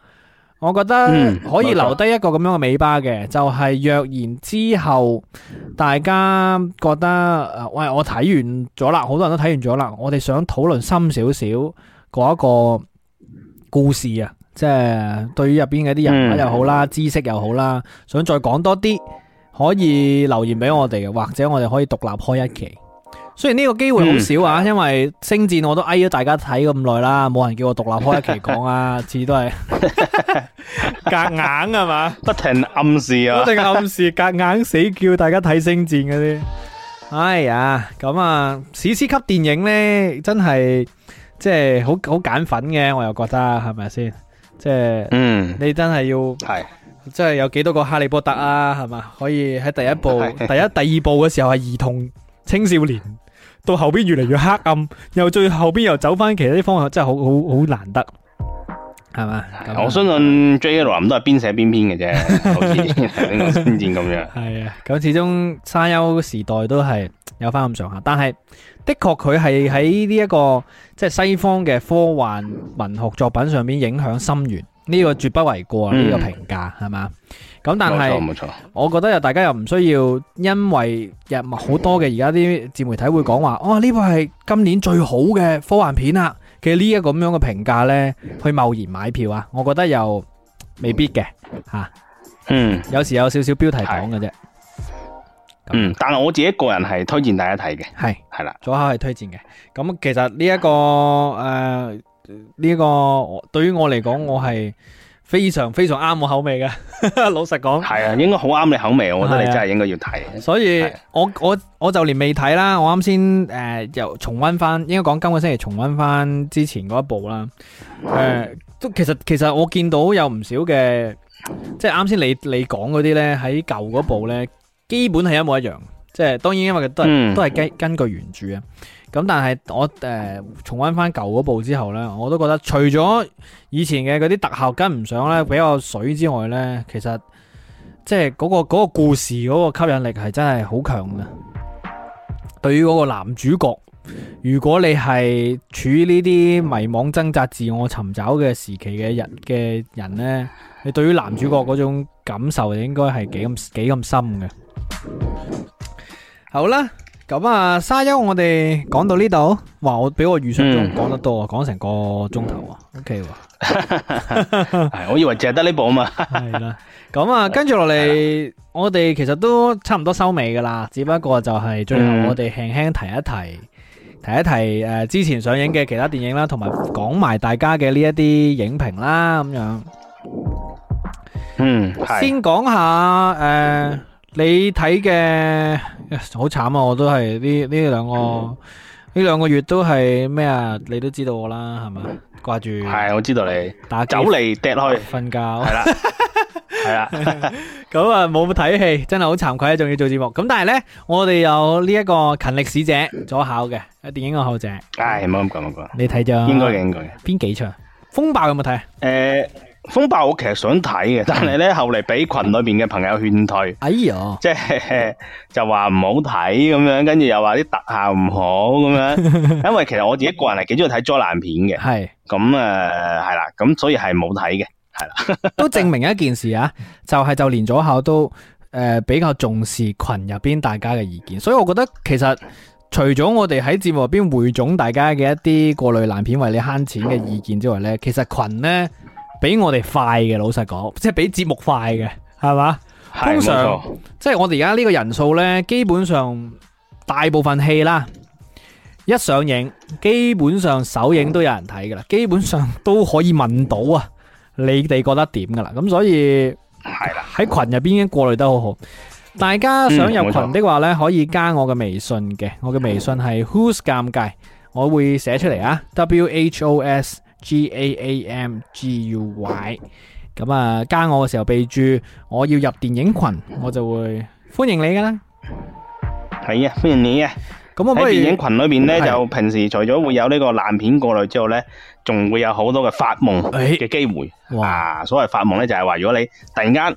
我覺得可以留低一個咁樣嘅尾巴嘅、嗯，就係、是、若然之後大家覺得誒，喂，我睇完咗啦，好多人都睇完咗啦，我哋想討論深少少嗰一個故事啊，即、就、係、是、對於入邊嗰啲人物又好啦、嗯，知識又好啦，想再講多啲，可以留言俾我哋，或者我哋可以獨立開一期。雖然呢個機會好少啊，因為星戰我都嗌咗大家睇咁耐啦，冇人叫我獨立開一期講啊，次都係夾硬係嘛，不停暗示啊，不停暗示夾硬死叫大家睇星戰嗰啲。哎呀，咁啊，史詩級電影呢，真係即係好好揀粉嘅，我又覺得係咪先？即係，嗯，你真係要係，即係有幾多個哈利波特啊，係嘛？可以喺第一部、第一、第二部嘅時候係兒童青少年。到後邊越嚟越黑暗，又最後邊又走翻，其實啲方向真係好好好難得，係嘛？我相信 J·K· 羅琳都係邊寫邊編嘅啫，好似《龍槍戰》咁樣。係啊，咁始終沙丘時代都係有翻咁上下，但係的確佢係喺呢一個即係西方嘅科幻文學作品上邊影響深遠。呢個絕不為過，呢個評價係嘛？咁但係，冇錯，我覺得又大家又唔需要因為日好多嘅，而家啲自媒體會講話哦，呢部係今年最好嘅科幻片啦。其實呢一個咁樣嘅評價咧，去貿然買票啊，我覺得又未必嘅吓。嗯，有時有少少標題黨嘅啫。嗯，但係我自己個人係推薦大家睇嘅，係係啦，左下係推薦嘅。咁其實呢一個誒。呢、這個對於我嚟講，我係非常非常啱我口味嘅。老實講，係啊，應該好啱你口味，我覺得你真係應該要睇，啊啊。所以我我我就連未睇啦。我啱先誒又重溫翻，應該講今個星期重溫翻之前嗰一部啦。誒、呃，都其實其實我見到有唔少嘅，即係啱先你你講嗰啲咧，喺舊嗰部咧，基本係一模一樣。即係當然因為都係、嗯、都係根根據原著啊。咁但係我誒、呃、重溫翻舊嗰部之後呢，我都覺得除咗以前嘅嗰啲特效跟唔上呢，比較水之外呢，其實即係嗰、嗰個、嗰個故事嗰個吸引力係真係好強嘅。對於嗰個男主角，如果你係處於呢啲迷茫掙扎、自我尋找嘅時期嘅人嘅人呢，你對於男主角嗰種感受應該係幾咁幾咁深嘅。好啦。咁啊，沙丘我哋講到呢度，哇！我比我預想中講得多啊，講成個鐘頭啊，OK。係，我以為淨係得呢部啊嘛。係啦，咁啊，跟住落嚟，我哋其實都差唔多收尾噶啦，只不過就係最後我哋輕輕提一提，提一提誒，之前上映嘅其他電影啦，同埋講埋大家嘅呢一啲影評啦，咁樣。嗯，先講下誒，你睇嘅。好慘啊！我都係呢呢兩個呢兩個月都係咩啊？你都知道我啦，係咪掛住？係我知道你打走嚟踢落去瞓覺。係啦，係啦。咁啊，冇睇戲，真係好慚愧啊！仲要做節目。咁但係咧，我哋有呢一個勤力使者左考嘅電影愛好者。唉冇咁講，冇咁講。你睇咗？應該嘅，應該嘅。邊幾場？風暴有冇睇？誒。風爆我其實想睇嘅，但係咧，後嚟俾群裏邊嘅朋友勸退，哎呀，即係就話、是、唔好睇咁樣，跟住又話啲特效唔好咁樣。 因為其實我自己個人係幾中意睇災難片嘅，係咁啊，係、嗯、啦，咁、嗯、所以係冇睇嘅，係啦。 都證明一件事啊，就係、是、就連咗口都誒比較重視群入邊大家嘅意見，所以我覺得其實除咗我哋喺節目入邊匯總大家嘅一啲過濾爛片為你慳錢嘅意見之外咧，其實群咧。比我哋快嘅，老實講，即係比節目快嘅，係嘛？通常即係我哋而家呢個人數呢，基本上大部分戲啦，一上映，基本上首映都有人睇噶啦基本上都可以問到啊，你哋覺得點噶啦咁所以係啦，喺群入邊已經過濾得好好。大家想入群的話呢，可以加我嘅微信嘅，我嘅微信係 whose 尷尬，我會寫出嚟啊，whos。G A A M G U Y，咁啊，加我嘅時候備註，我要入電影群，我就會歡迎你噶啦。係啊，歡迎你啊！咁喺電影群裏面咧，就平時除咗會有呢個爛片過來之後咧，仲會有好多嘅發夢嘅機會、哎啊。哇，所謂發夢咧，就係話如果你突然間。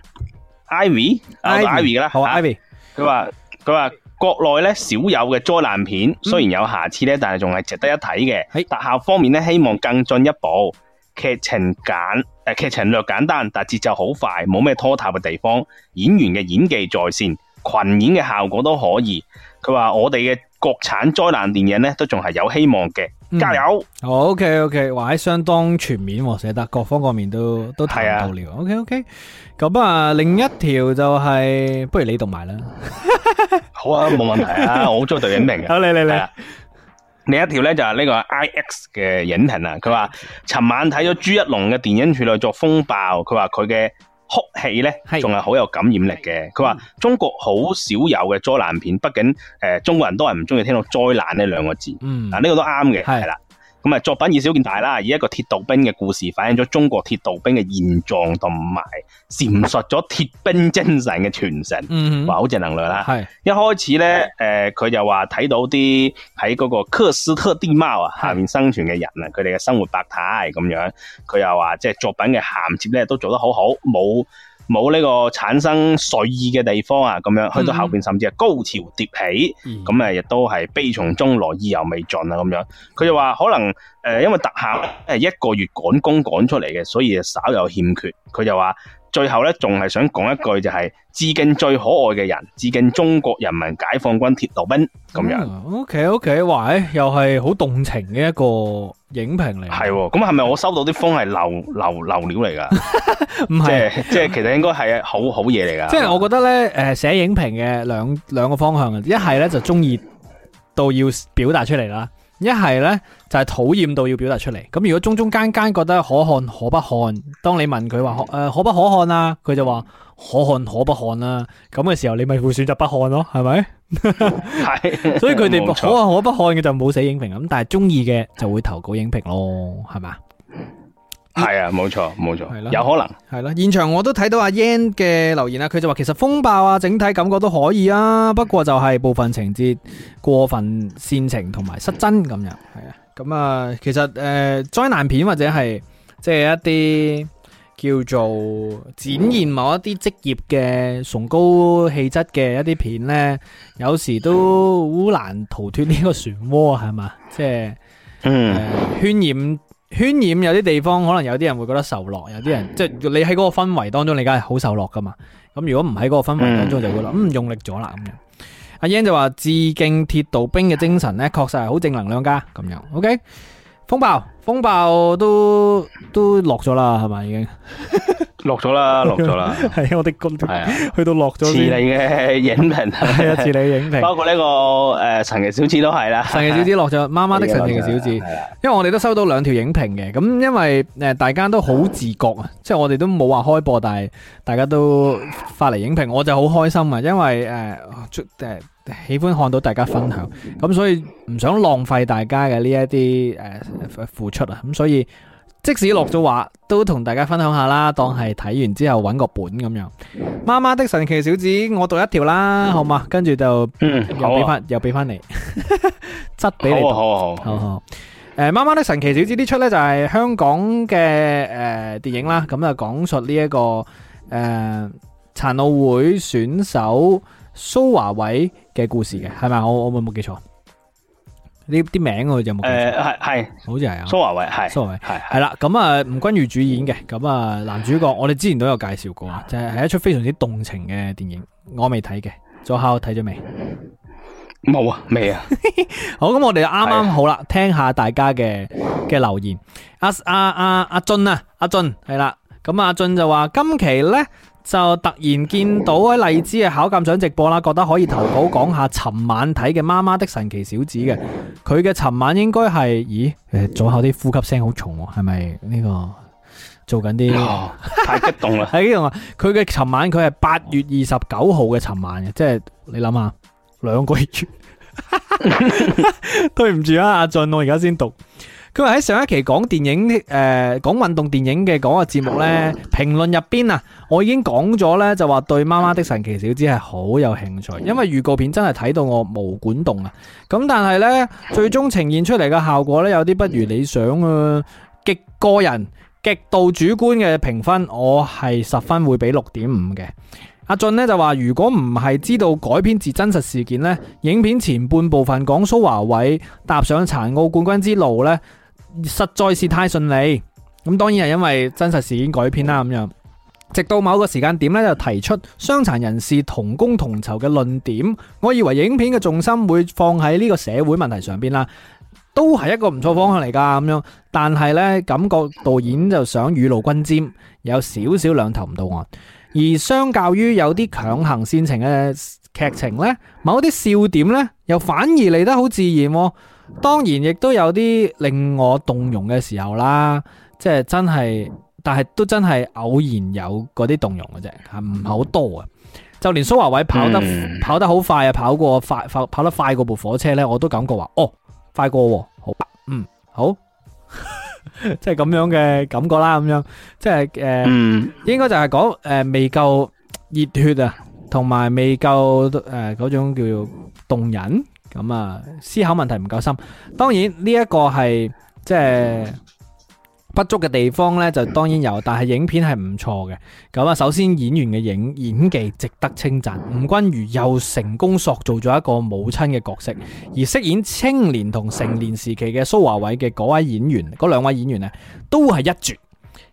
Ivy，阿 Ivy 噶啦，好、啊、Ivy。佢話佢話國內咧少有嘅災難片，雖然有瑕疵咧，但係仲係值得一睇嘅。嗯、特效方面咧，希望更進一步。劇情簡，誒、呃，劇情略簡單，但係節奏好快，冇咩拖沓嘅地方。演員嘅演技在線，群演嘅效果都可以。佢話我哋嘅國產災難電影咧，都仲係有希望嘅。加油！哦，OK OK，話喺相當全面，寫得各方各面都都睇到了。OK OK，咁啊，另一條就係，不如你讀埋啦。好啊，冇問題啊，我好中意電影名嘅。好，嚟嚟嚟，另一條咧就係呢個 IX 嘅影評啊。佢話尋晚睇咗朱一龍嘅電影《處女作風暴》，佢話佢嘅。哭戲呢仲係好有感染力嘅。佢話中國好少有嘅災難片，畢竟誒、呃，中國人都係唔中意聽到災難呢兩個字。嗱、嗯，呢、啊這個都啱嘅，係啦。咁啊，作品以小見大啦，以一個鐵道兵嘅故事，反映咗中國鐵道兵嘅現狀，同埋闡述咗鐵兵精神嘅傳承，嗯嗯，話好正能量啦。係一開始咧，誒、呃，佢就話睇到啲喺嗰個喀斯特地貌啊，下面生存嘅人啊，佢哋嘅生活百態咁樣，佢又話即係作品嘅銜接咧，都做得好好，冇。冇呢個產生睡意嘅地方啊，咁樣去到後邊甚至係高潮迭起，咁啊亦都係悲從中來，意猶未盡啊，咁樣佢就話可能誒、呃，因為特效一個月趕工趕出嚟嘅，所以稍有欠缺，佢就話。最後咧，仲係想講一句就係：致敬最可愛嘅人，致敬中國人民解放軍鐵道兵咁樣。O K O K，哇！又係好動情嘅一個影評嚟。係喎，咁係咪我收到啲風係流流流料嚟噶？唔 係，即係其實應該係好好嘢嚟噶。即 係我覺得咧，誒，寫影評嘅兩兩個方向，一係咧就中意到要表達出嚟啦。一係呢，就係討厭到要表達出嚟，咁如果中中間間覺得可看可不看，當你問佢話可誒可不可看啊，佢就話可看可不看啦，啊，咁嘅時候你咪會選擇不看咯，係咪？係 所以佢哋可看可不看嘅就冇寫影評，咁但係中意嘅就會投稿影評咯，係嘛？係啊，冇錯，冇錯，係啦，有可能係啦。現場我都睇到阿 Yan 嘅留言啦，佢就話其實風暴啊，整體感覺都可以啊，不過就係部分情節過分煽情同埋失真咁樣。係啊，咁啊，嗯，其實誒，災難片或者係即係一啲叫做展現某一啲職業嘅崇高氣質嘅一啲片呢，有時都好難逃脫呢個漩渦，係嘛？即係嗯，渲染。渲染有啲地方，可能有啲人會覺得受落，有啲人即係、就是、你喺嗰個氛圍當中，你梗係好受落噶嘛。咁如果唔喺嗰個氛圍當中，就會諗、那個。嗯，用力咗啦咁樣。阿英就話致敬鐵道兵嘅精神咧，確實係好正能量噶。咁樣，OK。風暴，風暴都都落咗啦，係咪已經？ 落咗啦，落咗啦，係我哋個係啊，去到落咗。自你嘅影評，似你嘅影評，包括呢、這個誒神奇、呃、小子都係啦，神奇小子落咗，媽媽的，的神奇嘅小子，因為我哋都收到兩條影評嘅。咁因為誒大家都好自覺啊， 即係我哋都冇話開播，但係大家都發嚟影評，我就好開心啊，因為誒誒、呃、喜歡看到大家分享，咁所以唔想浪費大家嘅呢一啲誒付出啊，咁所以。即使落咗話，都同大家分享下啦，當係睇完之後揾個本咁樣。媽媽的神奇小子，我讀一條啦，好嘛？跟住就又、嗯啊，又俾翻，又俾翻你，執俾你讀。好好好好誒，媽媽的神奇小子呢出呢，就係香港嘅誒、呃、電影啦，咁啊講述呢、這、一個誒殘奧會選手蘇華偉嘅故事嘅，係咪？我我冇記錯。呢啲名我就冇？係、呃、係，好似係啊。蘇華偉係，蘇華偉係係啦。咁啊，吳君如主演嘅，咁啊男主角，我哋之前都有介紹過啊，就係、是、一出非常之動情嘅電影。我未睇嘅，咗下睇咗未？冇啊，未啊。 好，咁我哋啱啱好啦，聽下大家嘅嘅留言。阿阿阿阿俊啊，阿、啊、俊係啦，咁阿、啊、俊就話今期咧，就突然見到喺荔枝嘅考尷賞直播啦，覺得可以投稿講下尋晚睇嘅《媽媽的神奇小子》嘅，佢嘅尋晚應該係，咦，誒，左後啲呼吸聲好重，係咪呢個做緊啲、哦、太激動啦！喺呢度啦！佢嘅尋晚佢係八月二十九號嘅尋晚嘅，即係你諗下，兩個月， 對唔住啊，阿俊，我而家先讀。佢話喺上一期講電影誒、呃，講運動電影嘅嗰個節目呢，評論入邊啊，我已經講咗呢，就話對《媽媽的神奇小子》係好有興趣，因為預告片真係睇到我毛管動啊。咁但係呢，最終呈現出嚟嘅效果呢，有啲不如理想啊，極個人、極度主觀嘅評分，我係十分會俾六點五嘅。阿、啊、俊呢就話，如果唔係知道改編自真實事件呢，影片前半部分講蘇華偉踏上殘奧冠軍之路呢。實在是太順利，咁當然係因為真實事件改編啦，咁樣直到某個時間點咧，就提出傷殘人士同工同酬嘅論點。我以為影片嘅重心會放喺呢個社會問題上邊啦，都係一個唔錯方向嚟噶，咁樣。但係呢，感覺導演就想雨露均沾，又有少少兩頭唔到岸。而相較於有啲強行煽情嘅劇情呢，某啲笑點呢，又反而嚟得好自然啊。當然亦都有啲令我動容嘅時候啦，即係真係，但係都真係偶然有嗰啲動容嘅啫，係唔好多啊，就連蘇華偉跑得、嗯、跑得好快啊，跑過快跑跑得快過部火車呢，我都感覺話哦，快過，好嗯好，即係咁樣嘅感覺啦，咁樣即係誒、呃嗯，應該就係講誒未夠熱血啊，同埋未夠誒嗰種叫動人。咁啊，思考問題唔夠深。當然呢一個係即係不足嘅地方呢，就當然有。但係影片係唔錯嘅。咁啊，首先演員嘅影演技值得稱讚。吳君如又成功塑造咗一個母親嘅角色，而飾演青年同成年時期嘅蘇華偉嘅嗰位演員，嗰兩位演員呢，都係一絕。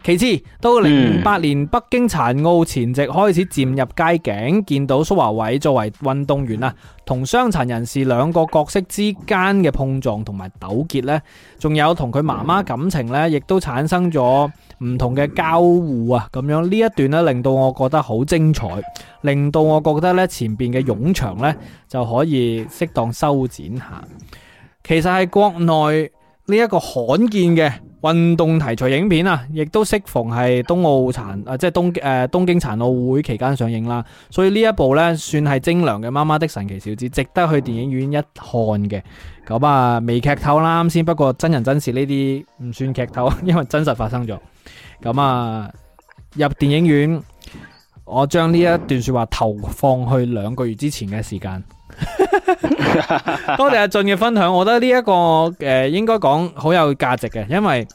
其次，到零八年、嗯、北京殘奧前夕開始漸入佳境，見到蘇華偉作為運動員啊，同傷殘人士兩個角色之間嘅碰撞同埋糾結呢，仲有同佢媽媽感情呢亦都產生咗唔同嘅交互啊，咁樣呢一段呢令到我覺得好精彩，令到我覺得呢前邊嘅冗長呢就可以適當修剪下。其實係國內。呢、這、一個罕見嘅運動題材影片啊，亦都適逢係東奧殘啊，即係東誒、呃、東京殘奧會期間上映啦，所以呢一部呢，算係精良嘅《媽媽的神奇小子》，值得去電影院一看嘅。咁啊，未劇透啦，先，不過真人真事呢啲唔算劇透，因為真實發生咗。咁啊，入電影院。我將呢一段說話投放去兩個月之前嘅時間， 多謝阿俊嘅分享。我覺得呢一個誒，應該講好有價值嘅，因為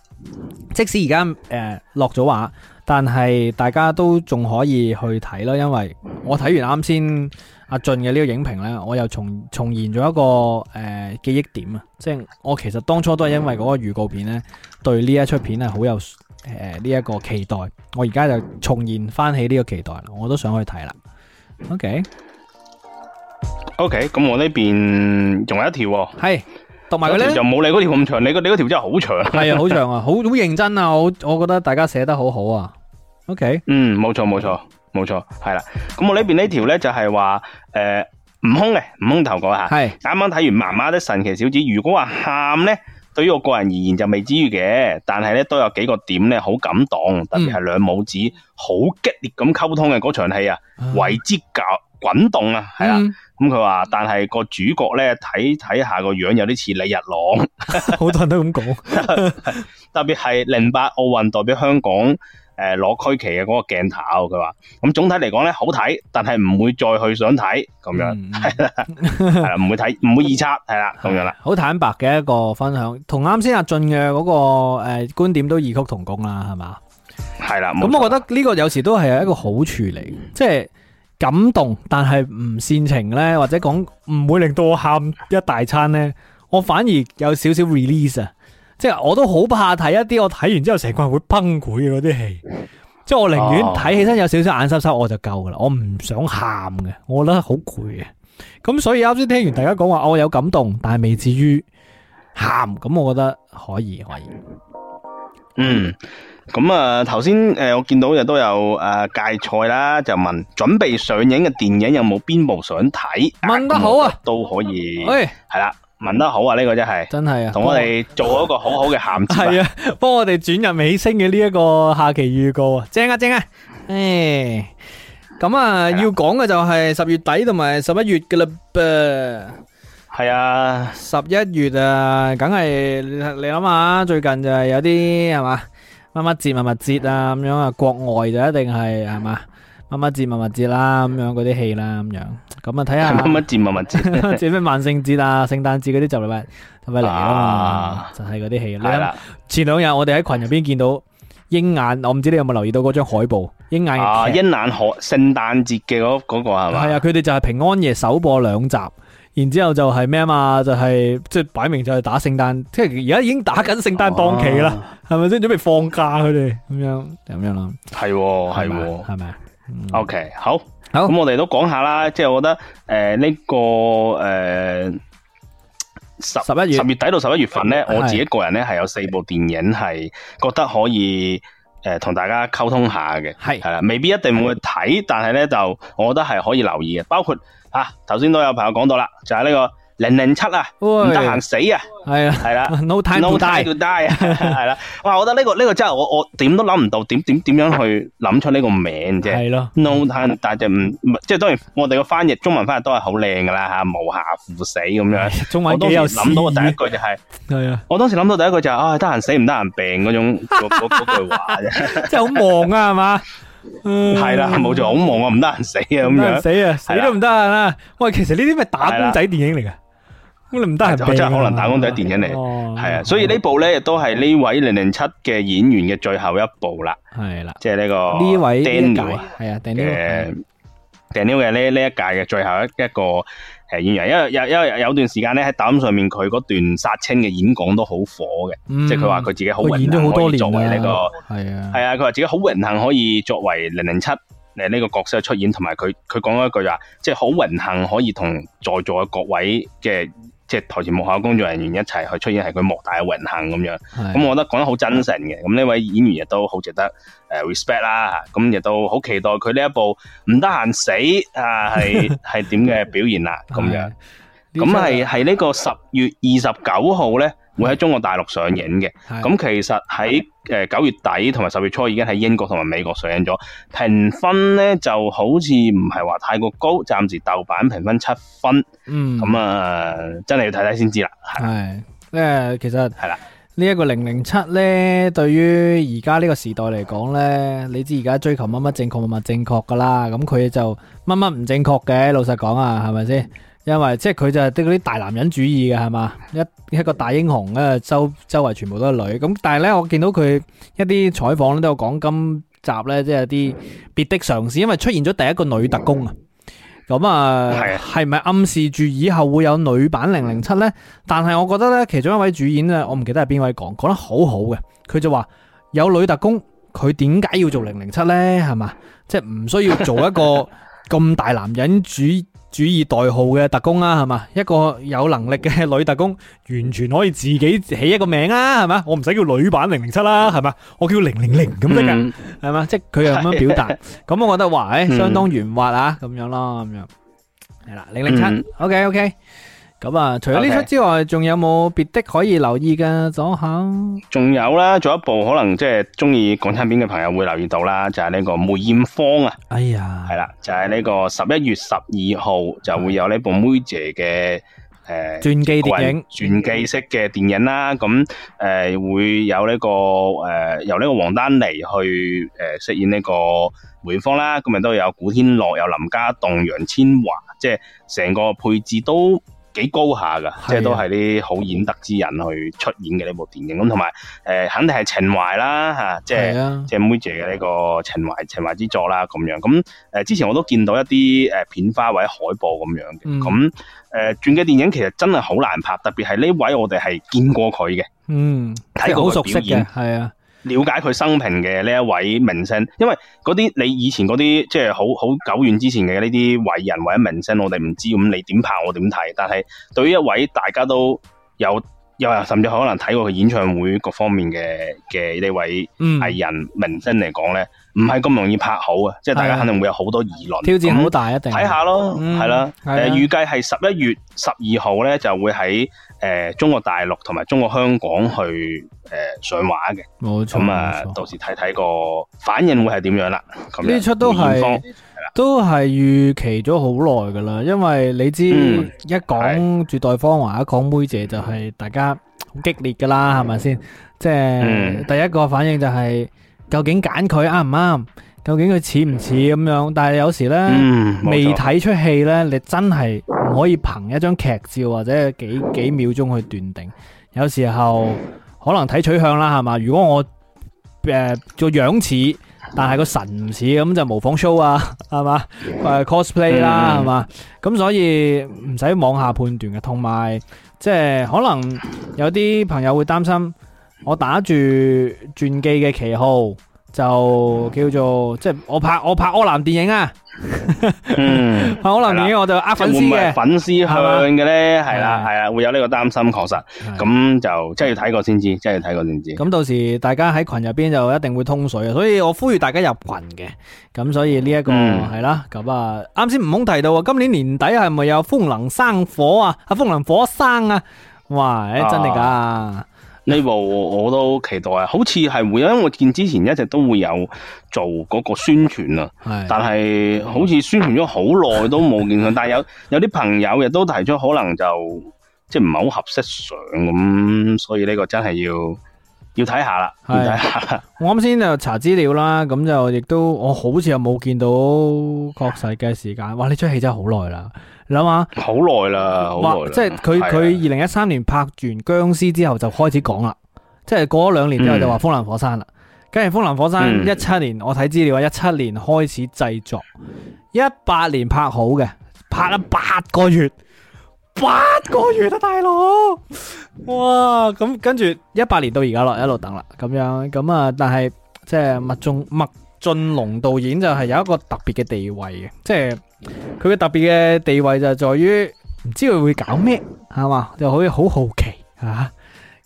即使而家誒落咗畫，但係大家都仲可以去睇咯。因為我睇完啱先阿俊嘅呢個影評呢，我又重重現咗一個誒、呃、記憶點啊！即係我其實當初都係因為嗰個預告片呢，對呢一出片係好有。誒，呢一個期待，我而家就重現翻起呢個期待啦，我都想去睇啦。OK，OK，okay? Okay, 咁我呢邊仲有一條、哦，係同埋佢咧，還有呢那就冇你嗰條咁長，你你嗰條真係好長，係啊，好長啊，好 好認真啊，我我覺得大家寫得好好啊。OK，嗯，冇錯冇錯冇錯，係啦。咁我這邊這呢邊呢條咧就係、是、話，誒、呃，悟空嘅悟空頭嗰下，係啱啱睇完媽媽的神奇小子，如果話喊咧。對於我個人而言就未至於嘅，但係咧都有幾個點咧好感動，特別係兩母子好激烈咁溝通嘅嗰場戲啊，嗯，為之搞滾動啊，係啦，咁佢話但係個主角咧睇睇下個樣有啲似李日朗，好多人都咁講， 特別係零八奧運代表香港，誒，攞區旗嘅嗰個鏡頭，佢話咁總體嚟講咧，好睇，但係唔會再去想睇咁樣，係、嗯、唔 會睇，唔會二刷，係啦，咁樣啦，好 坦白嘅一個分享，同啱先阿俊嘅嗰個誒觀點都異曲同工啦，係嘛，係啦，咁我覺得呢個有時候都係有一個好處嚟嘅，即、嗯、係、就是、感動，但係唔煽情咧，或者講唔會令到我喊一大餐咧，我反而有少少 release 啊。即係我都好怕睇一啲我睇完之後成個人會崩潰嘅嗰啲戲，即係我寧願睇起身有少少眼濕濕我就夠噶啦，我唔想喊嘅，我覺得好攰啊。咁所以啱先聽完大家講話，我有感動，但係未至於喊，咁我覺得可以可以。嗯，咁啊頭先誒，我見到亦都有誒芥菜啦，就問準備上映嘅電影有冇邊部想睇？問得好啊，都可以。喂、哎，係啦。問得好啊！呢個真係，真係啊，同我哋做一個好好嘅銜接。係啊，幫我哋轉入尾聲嘅呢一個下期預告啊，正啊正啊！誒，咁啊，要講嘅就係十月底同埋十一月嘅啦噃。係啊，十一月啊，梗係你諗下最近就係有啲係咪乜乜節乜乜節啊咁樣啊，國外就一定係係咪。乜乜節、乜乜節啦，咁樣嗰啲戲啦，咁樣咁啊，睇下乜乜節、乜乜節，即係咩萬聖節啊、聖誕節嗰啲就嚟，咪嚟 啊，啊，就係嗰啲戲啦。前兩日我哋喺群入邊見到鷹眼，我唔知你有冇留意到嗰張海報，鷹眼啊，鷹眼賀聖誕節嘅嗰個係嘛？係、嗰個、啊，佢哋就係平安夜首播兩集，然之後就係咩啊嘛，就係即係擺明就係打聖誕，即係而家已經打緊聖誕檔期啦，係咪先準備放假佢哋咁樣咁、就係、樣啦？係係係咪 OK，好，好，咁，嗯，我哋都講下啦，即係我覺得誒呢個誒十十一月十月底到十一月份咧，我自己個人咧係有四部電影係覺得可以誒同大家溝通下嘅，係係啦，未必一定會睇，但係咧就我覺得係可以留意嘅，包括吓頭先都有朋友講到啦，就係呢個。零零七啊，唔得閒死啊，係啊，係啦、啊、，no time，no time to die,、no、time to die 啊，係啦，哇，我覺得呢、這個呢、這個真係我我點都諗唔到，點點點樣去諗出呢個名啫，係咯、啊、，no time，、啊、但係就唔即係當然我哋個翻譯 中文翻譯都係好靚噶啦吓，無暇赴死咁樣，中文都有諗到個第一句就係、是，係啊，我當時諗到第一句就係、是，啊、哎，得閒死唔得閒病嗰種嗰 句話啫， 即係好忙啊係嘛，係啦，冇錯，好忙啊，唔、 啊啊啊、得閒死啊咁樣得閒死啊，死啊，啊死都唔得閒啊，喂，其實呢啲咩打工仔電影嚟噶？ 咁唔得係真可能打工仔電影嚟，係、哎啊，哎、啊，所以這部呢部咧亦都係呢位零零七嘅演員嘅最後一部啦，係、哎、啦，即係呢個呢位這、啊是啊、Daniel，係啊 Daniel 嘅呢呢一屆嘅最後一一個誒演員，因為有因為有，有，有，有段時間咧喺，抖音上面佢嗰段殺青嘅演講都好火嘅，即係佢話佢自己好榮幸可以作為呢、這個係啊係啊，佢話、啊就是、自己好榮幸可以作為零零七誒呢個角色嘅出演，同埋佢佢講咗一句話，即係好榮幸可以同在座嘅各位嘅。即係台前幕後嘅工作人員一齊去出現，係佢莫大嘅榮幸咁樣。咁我覺得講得好真誠嘅。咁呢位演員亦都好值得誒、呃、respect 啦。咁亦都好期待佢呢一部《唔得閒死》啊係係點嘅表現啦、啊。咁樣，咁係係呢個十月二十九號咧。會喺中國大陸上映嘅，咁、嗯、其實喺誒九月底同埋十月初已經喺英國同埋美國上映咗，評分咧就好似唔係話太過高，暫時豆瓣評分七分，嗯，咁啊真係要睇睇先知啦。係誒、嗯，其實係啦，呢一個零零七咧，對於而家呢個時代嚟講咧，你知而家追求乜乜正確乜乜正確噶啦，咁佢就乜乜唔正確嘅，老實講啊，係咪先？因為即係佢就啲嗰啲大男人主義嘅係嘛，一一個大英雄嘅周周圍全部都係女，咁但係呢，我見到佢一啲採訪都有講，今集呢即係啲別的嘗試，因為出現咗第一個女特工啊，咁啊係咪暗示住以後會有女版零零七呢？但係我覺得呢，其中一位主演呢，我唔記得係邊位講，講得好好嘅，佢就話有女特工，佢點解要做零零七呢？係嘛，即係唔需要做一個咁大男人主義。主義代號嘅特工啦，係嘛，一個有能力嘅女特工，完全可以自己起一個名啊，係嘛，我唔使叫女版零零七啦，係嘛，我叫零零零咁得噶，係、嗯、嘛，即係佢又咁樣表達，咁我覺得話，誒，相當圓滑啊，咁、嗯、樣咯，咁樣係啦，零零七，OK，OK。咁啊，除咗呢出之外，仲、okay、有冇別的可以留意嘅左下？仲有啦，仲有一部可能即係中意港產片嘅朋友會留意到啦，就係、是、呢個梅艷芳啊！哎呀，係啦，就係、是、呢個十一月十二號就會有呢部梅姐嘅誒傳記電影，傳記式嘅電影啦。咁誒、呃、會有呢、這個誒、呃、由呢個王丹妮去誒飾演呢個梅艷芳啦。咁日都有古天樂、有林家棟、楊千嬅，即係成個配置都。幾高下噶，啊，即係都係啲好演得之人去出演嘅呢部電影咁，同埋誒，肯定係情懷啦吓，即係、啊、即係妹姐嘅呢、呢個情懷情懷之作啦咁樣咁誒、嗯，之前我都見到一啲誒片花或者海報咁樣嘅，咁、嗯、誒，傳記、呃、電影其實真係好難拍，特別係呢位我哋係見過佢嘅，嗯，睇過佢好熟悉嘅，係啊。了解佢生平嘅呢一位明星，因為嗰啲你以前嗰啲即係好好久遠之前嘅呢啲偉人或者明星，我哋唔知咁你點拍我點睇？但係對於一位大家都有有人甚至可能睇過佢演唱會各方面嘅嘅呢位藝人明星嚟講咧，唔係咁容易拍好啊！即、嗯、係大家肯定會有好多議論，挑戰好大，一定睇下咯，係、嗯、啦，誒，預計係十一月十二號咧就會喺。誒，中國大陸同埋中國香港去誒上畫嘅，冇錯。咁啊，到時睇睇個反應會係點樣啦。咁呢出都係都係預期咗好耐㗎喇，因為你知一講絕代芳華，一講梅姐就係大家好激烈㗎喇，係咪先？即係第一個反應就係究竟揀佢啱唔啱？究竟佢似唔似咁樣？但係有時呢，嗯、未睇出戲呢，你真係唔可以憑一張劇照或者幾幾秒鐘去斷定。有時候可能睇取向啦，係嘛？如果我誒個、呃、樣似，但係個神唔似，咁就模仿 show 啊，係嘛？cosplay 啦，係、嗯、嘛、嗯？咁所以唔使妄下判斷嘅。同埋即係可能有啲朋友會擔心，我打住傳記嘅旗號。就叫做即係我拍我拍柯南電影啊，嗯， 拍柯南電影我就呃粉絲嘅，係粉絲向嘅咧係啦係啊會有呢個擔心確實，咁就真係要睇過先知，真係要睇過先知。咁到時大家喺群入邊就一定會通水啊，所以我呼籲大家入群嘅，咁所以呢、這、一個係啦，咁啊啱先唔好提到啊，今年年底係咪有風能生火啊？啊風能火生啊？哇！真係噶、啊、～、啊呢部我，我都期待、啊、好似係會，因為我見之前一直都會有做嗰個宣傳啊，但係好似宣傳咗好耐都冇見佢，但係有 有啲朋友亦都提出可能就即係唔係好合適上咁、嗯，所以呢個真係要。要睇下啦，係我啱先就查資料啦，咁就亦都我好似又冇見到確實嘅時間。哇！呢出戲真係好耐啦，諗下好耐啦，好耐。即係佢佢二零一三年拍完僵屍之後就開始講啦，即係過咗兩年之後就話《風林火山》啦。跟住《風林火山》一七年，嗯、我睇資料一七年開始製作，一八年拍好嘅，拍咗八個月。八個月啦、啊，大佬！哇，咁跟住一八年到而家咯，一路等啦，咁樣咁啊！但係即係麥仲麥浚龍導演就係有一個特別嘅地位嘅，即係佢嘅特別嘅地位就係在於唔知佢會搞咩係嘛，就可以好好奇啊！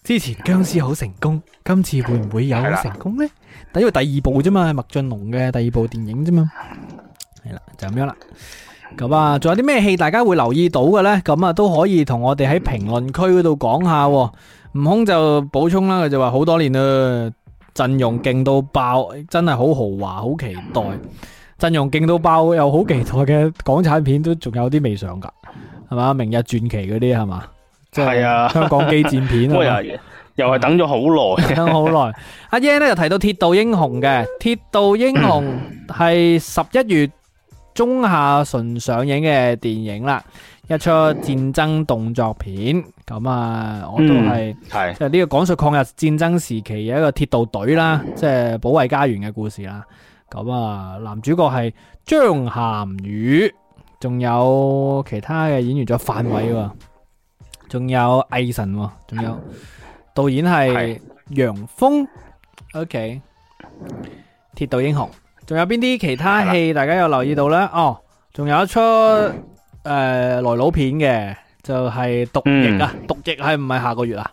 之前殭屍好成功，今次會唔會有好成功呢？但係因為第二部啫嘛，麥浚龍嘅第二部電影啫嘛，係啦，就咁樣啦。咁啊，仲有啲咩戲大家會留意到嘅呢？咁啊，都可以同我哋喺評論區嗰度講下、啊。悟空就補充啦，佢就話好多年啦，陣容勁到爆，真係好豪華，好期待。陣容勁到爆，又好期待嘅港產片都仲有啲未上噶，係嘛？明日傳奇嗰啲係嘛？係啊，即係、香港機戰片是、啊、是 又係等咗好耐，等好耐。阿爺呢， 又提到《鐵道英雄》嘅《鐵道英雄》係十一月，中下旬上映嘅電影啦，一出戰爭動作片，咁啊，我都係係，即係、嗯、呢個講述抗日戰爭時期嘅一個鐵道隊啦，即係保衛家園嘅故事啦。咁啊，男主角係張涵予，仲有其他嘅演員，仲有范偉，仲有魏晨，仲有導演係楊楓。O K，鐵道英雄。仲有邊啲其他戲？大家有留意到呢？哦，仲有一出誒，來、呃、佬片嘅就係、是啊嗯《毒液》啊，《毒液》係唔係下個月啊？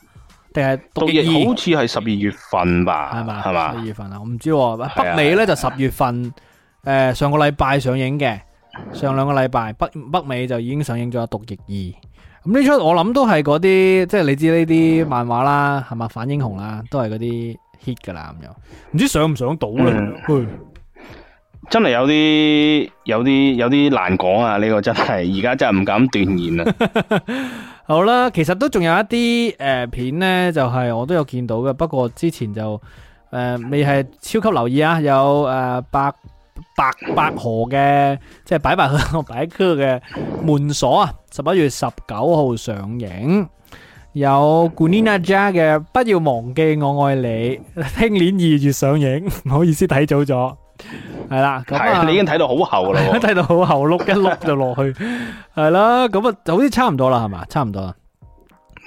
定係《毒液二》？好似係十二月份吧？係嘛係嘛？十二月份不啊？我唔知北美呢，就十月份誒、呃，上個禮拜上映嘅上兩個禮拜北北美就已經上映咗《毒液二》這。咁呢出我諗都係嗰啲，即係你知呢啲漫畫啦，係、嗯、嘛反英雄啦，都係嗰啲 hit 噶啦。咁樣唔知道上唔上到咧？嗯真係有啲有啲有啲難講啊！呢個真係而家真係唔敢斷言啦。好啦，其實都仲有一啲誒片咧，就係我都有見到嘅。不過之前就誒未係超級留意啊。有誒白白白百何嘅，即係白百白百何嘅門鎖啊，十一月十九號上映。有古力娜扎嘅不要忘記我愛你，聽年二月上映。唔好意思睇早咗。係啦，咁啊，你已經睇到好厚 啦，睇到好厚，碌一碌就落去，係啦，咁啊，就好似差唔多啦，係嘛？差唔多啦，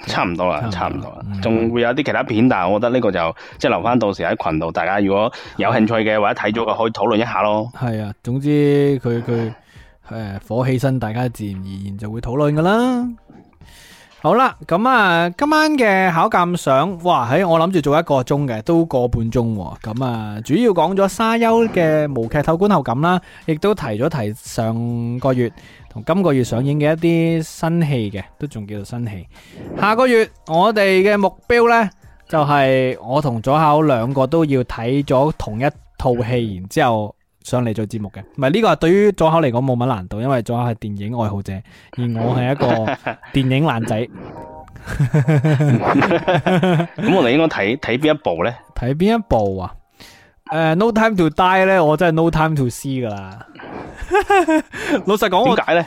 差唔多啦，差唔多啦，仲會有啲其他片，嗯、但係我覺得呢個就即係留翻到時喺群度，大家如果有興趣嘅或者睇咗嘅，可以討論一下咯。係啊，總之佢佢誒火起身，大家自然而然就會討論噶啦。好啦，咁啊，今晚嘅考鑒賞，哇，喺我諗住做一個鐘嘅，都個半鐘咁啊，主要講咗沙丘嘅無劇透觀後感啦，亦都提咗提上個月同今個月上映嘅一啲新戲嘅，都仲叫做新戲。下個月我哋嘅目標呢，就係、是、我同左考兩個都要睇咗同一套戲，然之後。想嚟做節目嘅，唔係呢個，係對於左口嚟講冇乜難度，因為左口係電影愛好者，而我係一個電影爛仔。咁 我哋應該睇睇邊一部咧？睇邊一部啊？誒、呃，No Time to Die 咧，我真係 No Time to See 噶啦。 老實講，點解咧？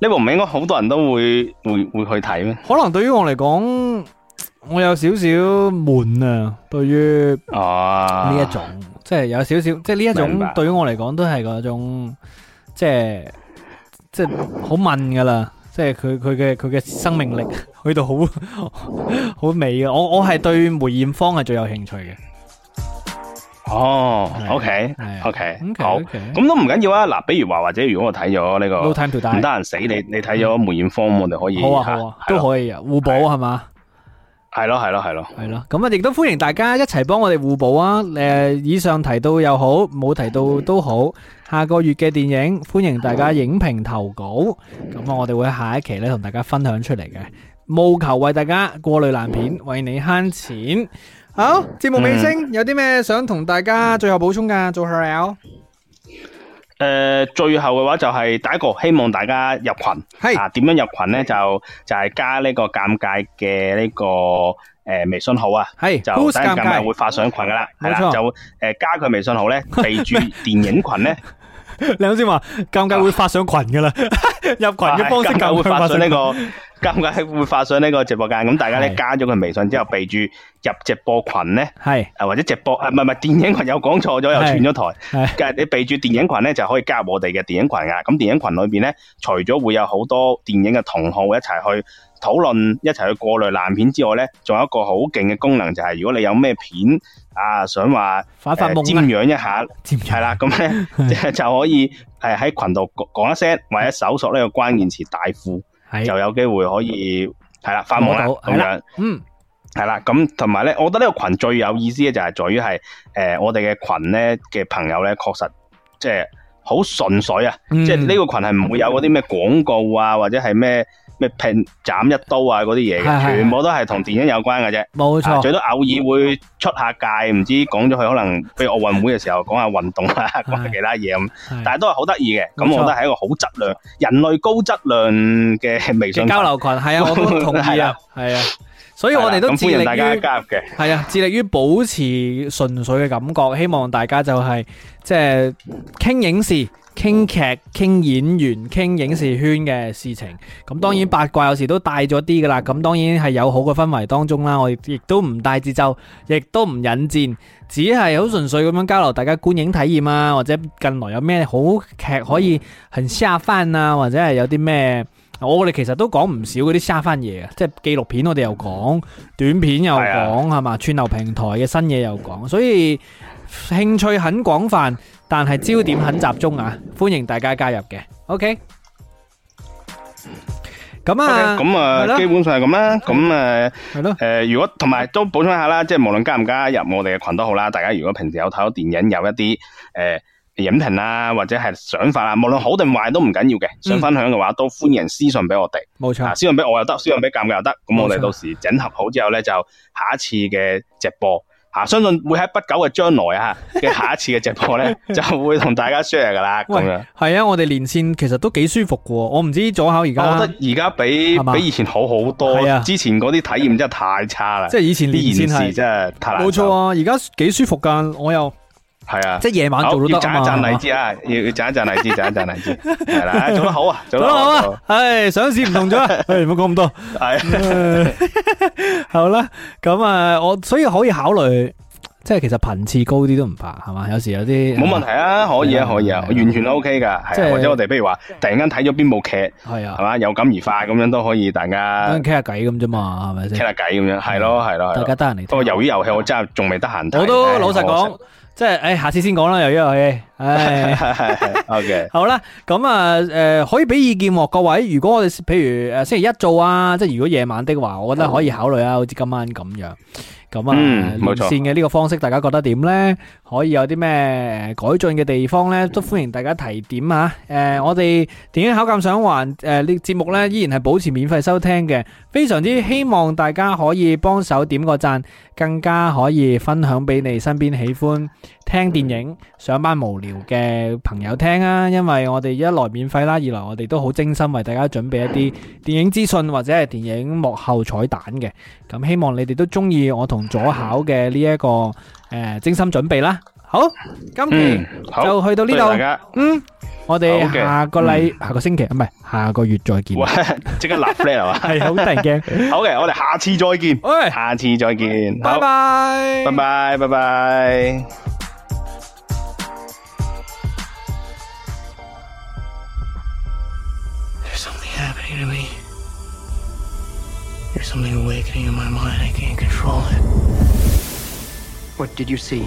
呢 部唔應該好多人都會會會去睇咩？可能對於我嚟講，我有少少悶啊。對於呢一種。啊即係有少少，即係呢一種對於我嚟講都係嗰種，即係即係好文噶啦，即係佢佢嘅佢嘅生命力去到好好 美嘅。我我係對梅艷芳係最有興趣嘅。哦 okay，OK OK，好，咁都唔緊要啊。嗱，比如話或者如果我睇咗呢個唔、no、得人死，你你睇咗梅艷芳，嗯、我哋可以吓、好啊好啊、都可以啊，互補係嘛？係咯係咯係咯係咯，咁啊亦都歡迎大家一齊幫我哋互補啊！誒，以上提到又好，冇提到都好，下個月嘅電影歡迎大家影評投稿，咁啊我哋會下一期咧同大家分享出嚟嘅。務求為大家過濾爛片，為你慳錢。好，節目尾聲，嗯，有啲咩想同大家最後補充噶？做下友。誒、呃，最後嘅話就係第一個，希望大家入群，係啊，點樣入群呢就就係加呢個尷尬嘅呢個誒、呃、微信號啊，係就第一時間會發上群㗎啦，係啦，就誒加佢微信號咧，備注電影群咧。 你好似話，尷尬會發上群噶啦，啊、 入群嘅方式就會發上呢、這個，尷 尬會發上呢個直播間。咁大家咧加咗佢微信之後，備注入直播群咧，係啊或者直播啊，唔係唔係電影群又講錯咗，又串咗台。係，你備注電影群咧，就可以加入我哋嘅電影群㗎。咁電影群裏邊咧，除咗會有好多電影嘅同好一齊去。討論一齊去過濾爛片之外咧，仲有一個好勁嘅功能就係、是，如果你有咩片啊，想話沾養一下，係啦，咁咧 就可以係喺群度講一聲，或者搜索呢個關鍵詞大富，就有機會可以係啦發夢啦咁樣。嗯，係啦，咁同埋咧、嗯，我覺得呢個群最有意思嘅就係在於係誒，我哋嘅群咧嘅朋友咧，確實即係好純粹啊，即係呢個群係唔會有嗰啲咩廣告啊，或者係咩。咩拼砍一刀啊，嗰啲嘢全部都係同電影有關嘅啫，冇錯、啊。最多偶爾會出下界，唔知講咗佢可能，比如奧運會嘅時候講下運動啊，講下其他嘢咁，是是但係都係好得意嘅。咁我覺得係一個好質量，人類高質量嘅微信交流群，係啊，我都同意是啊，係啊。所以我哋都致力於係啊，致力於保持純粹嘅感覺，希望大家就係、是、即係傾影視、傾劇、傾演員、傾影視圈嘅事情。咁當然八卦有時都帶咗啲噶啦。咁當然係有好嘅氛圍當中啦。我亦都唔帶節奏，亦都唔引戰，只係好純粹咁樣交流大家觀影體驗啊，或者近來有咩好劇可以很下飯啊，或者係有啲咩。我哋其實都講唔少嗰啲沙番嘢嘅，即係紀錄片我哋又講，短片又講，係嘛、啊，串流平台嘅新嘢又講，所以興趣很廣泛，但係焦點很集中啊！歡迎大家加入嘅，OK、嗯。咁啊，咁、okay, 啊，基本上係咁啦，咁誒、啊，係咯，誒，如果同埋都補充一下啦，即係無論加唔加入我哋嘅群都好啦，大家如果平時有睇到電影，有一啲誒。呃影評啦，或者係想法啊，無論好定壞都唔緊要嘅。想分享嘅話，嗯、都歡迎私信俾我哋。冇錯、啊，私信俾我又得，私信俾尷尬又得。咁我哋到時整合好之後咧，就下一次嘅直播吓、啊，相信會喺不久嘅將來啊嘅 下一次嘅直播咧，就會同大家 share 噶啦。咁樣係啊，我哋連線其實都幾舒服喎。我唔知左口而家，我覺得而家比比以前好好多。之前嗰啲體驗真係太差啦。即係以前連線現真係冇錯啊，而家幾舒服噶，我又。係啊，即係夜晚做都要賺一賺利資啊，要要賺一賺利資，賺 一賺利資。係 啦、啊，做得好啊，做得好啊。唉、啊，上市唔同咗，誒、哎，唔好講咁多。係，好啦，咁啊， 哎、 啊我所以可以考慮，即係其實頻次高啲都唔怕，係嘛。有時有啲冇問題啊，啊，啊，可以啊，可以啊，啊完全都 OK 噶。或者我哋，不如話突然間睇咗邊部劇，係啊，係嘛、啊啊，有感而發咁樣都可以，大家傾下偈咁啫嘛，係咪先？傾下偈咁樣，係咯，係咯、啊，大家得閒嚟。不過由於遊戲，我真係仲未得閒。我都老實講。即係，誒、哎，下次先講啦，又依個戲，唉，係係係，OK，好啦，咁啊，誒、呃，可以俾意見喎，各位，如果我哋譬如誒星期一做啊，即係如果夜晚的話，我覺得可以考慮啊、oh. 好似今晚咁樣，咁、嗯、啊，無、嗯、線嘅呢個方式，大家覺得點呢？可以有啲咩改進嘅地方呢？都歡迎大家提點啊！誒、呃，我哋電影考鑒賞環誒呢節目呢，依然係保持免費收聽嘅，非常之希望大家可以幫手點個讚。更加可以分享俾你身邊喜歡聽電影、上班無聊嘅朋友聽啊！因為我哋一來免費啦，二來我哋都好精心為大家準備一啲電影資訊，或者係電影幕後彩蛋嘅。咁希望你哋都中意我同左考嘅呢一個誒，精心準備啦～好，今期，嗯、就去到呢度。嗯，我哋下個禮，嗯，下個星期唔係，下個月再見。即刻立 flag 係好突然驚。好嘅，我哋下次再見。Okay, 下次再見，拜拜，好。拜拜，拜拜，拜拜。There's something happening to me. There's something awakening in my mind. I can't control it. What did you see? .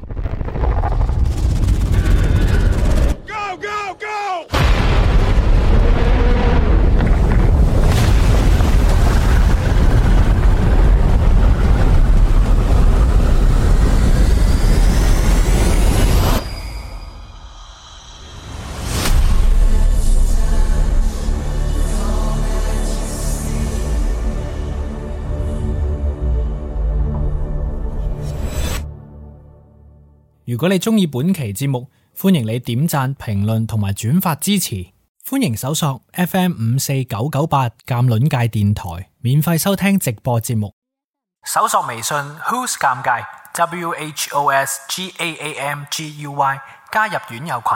如果你中意本期節目，歡迎你點讚、評論同埋轉發支持。歡迎搜索 FM 五四九九八《鑑論界電台》，免費收聽直播節目。搜索微信 Who's 尷尬？W H O S G A A M G U Y，加入院友群。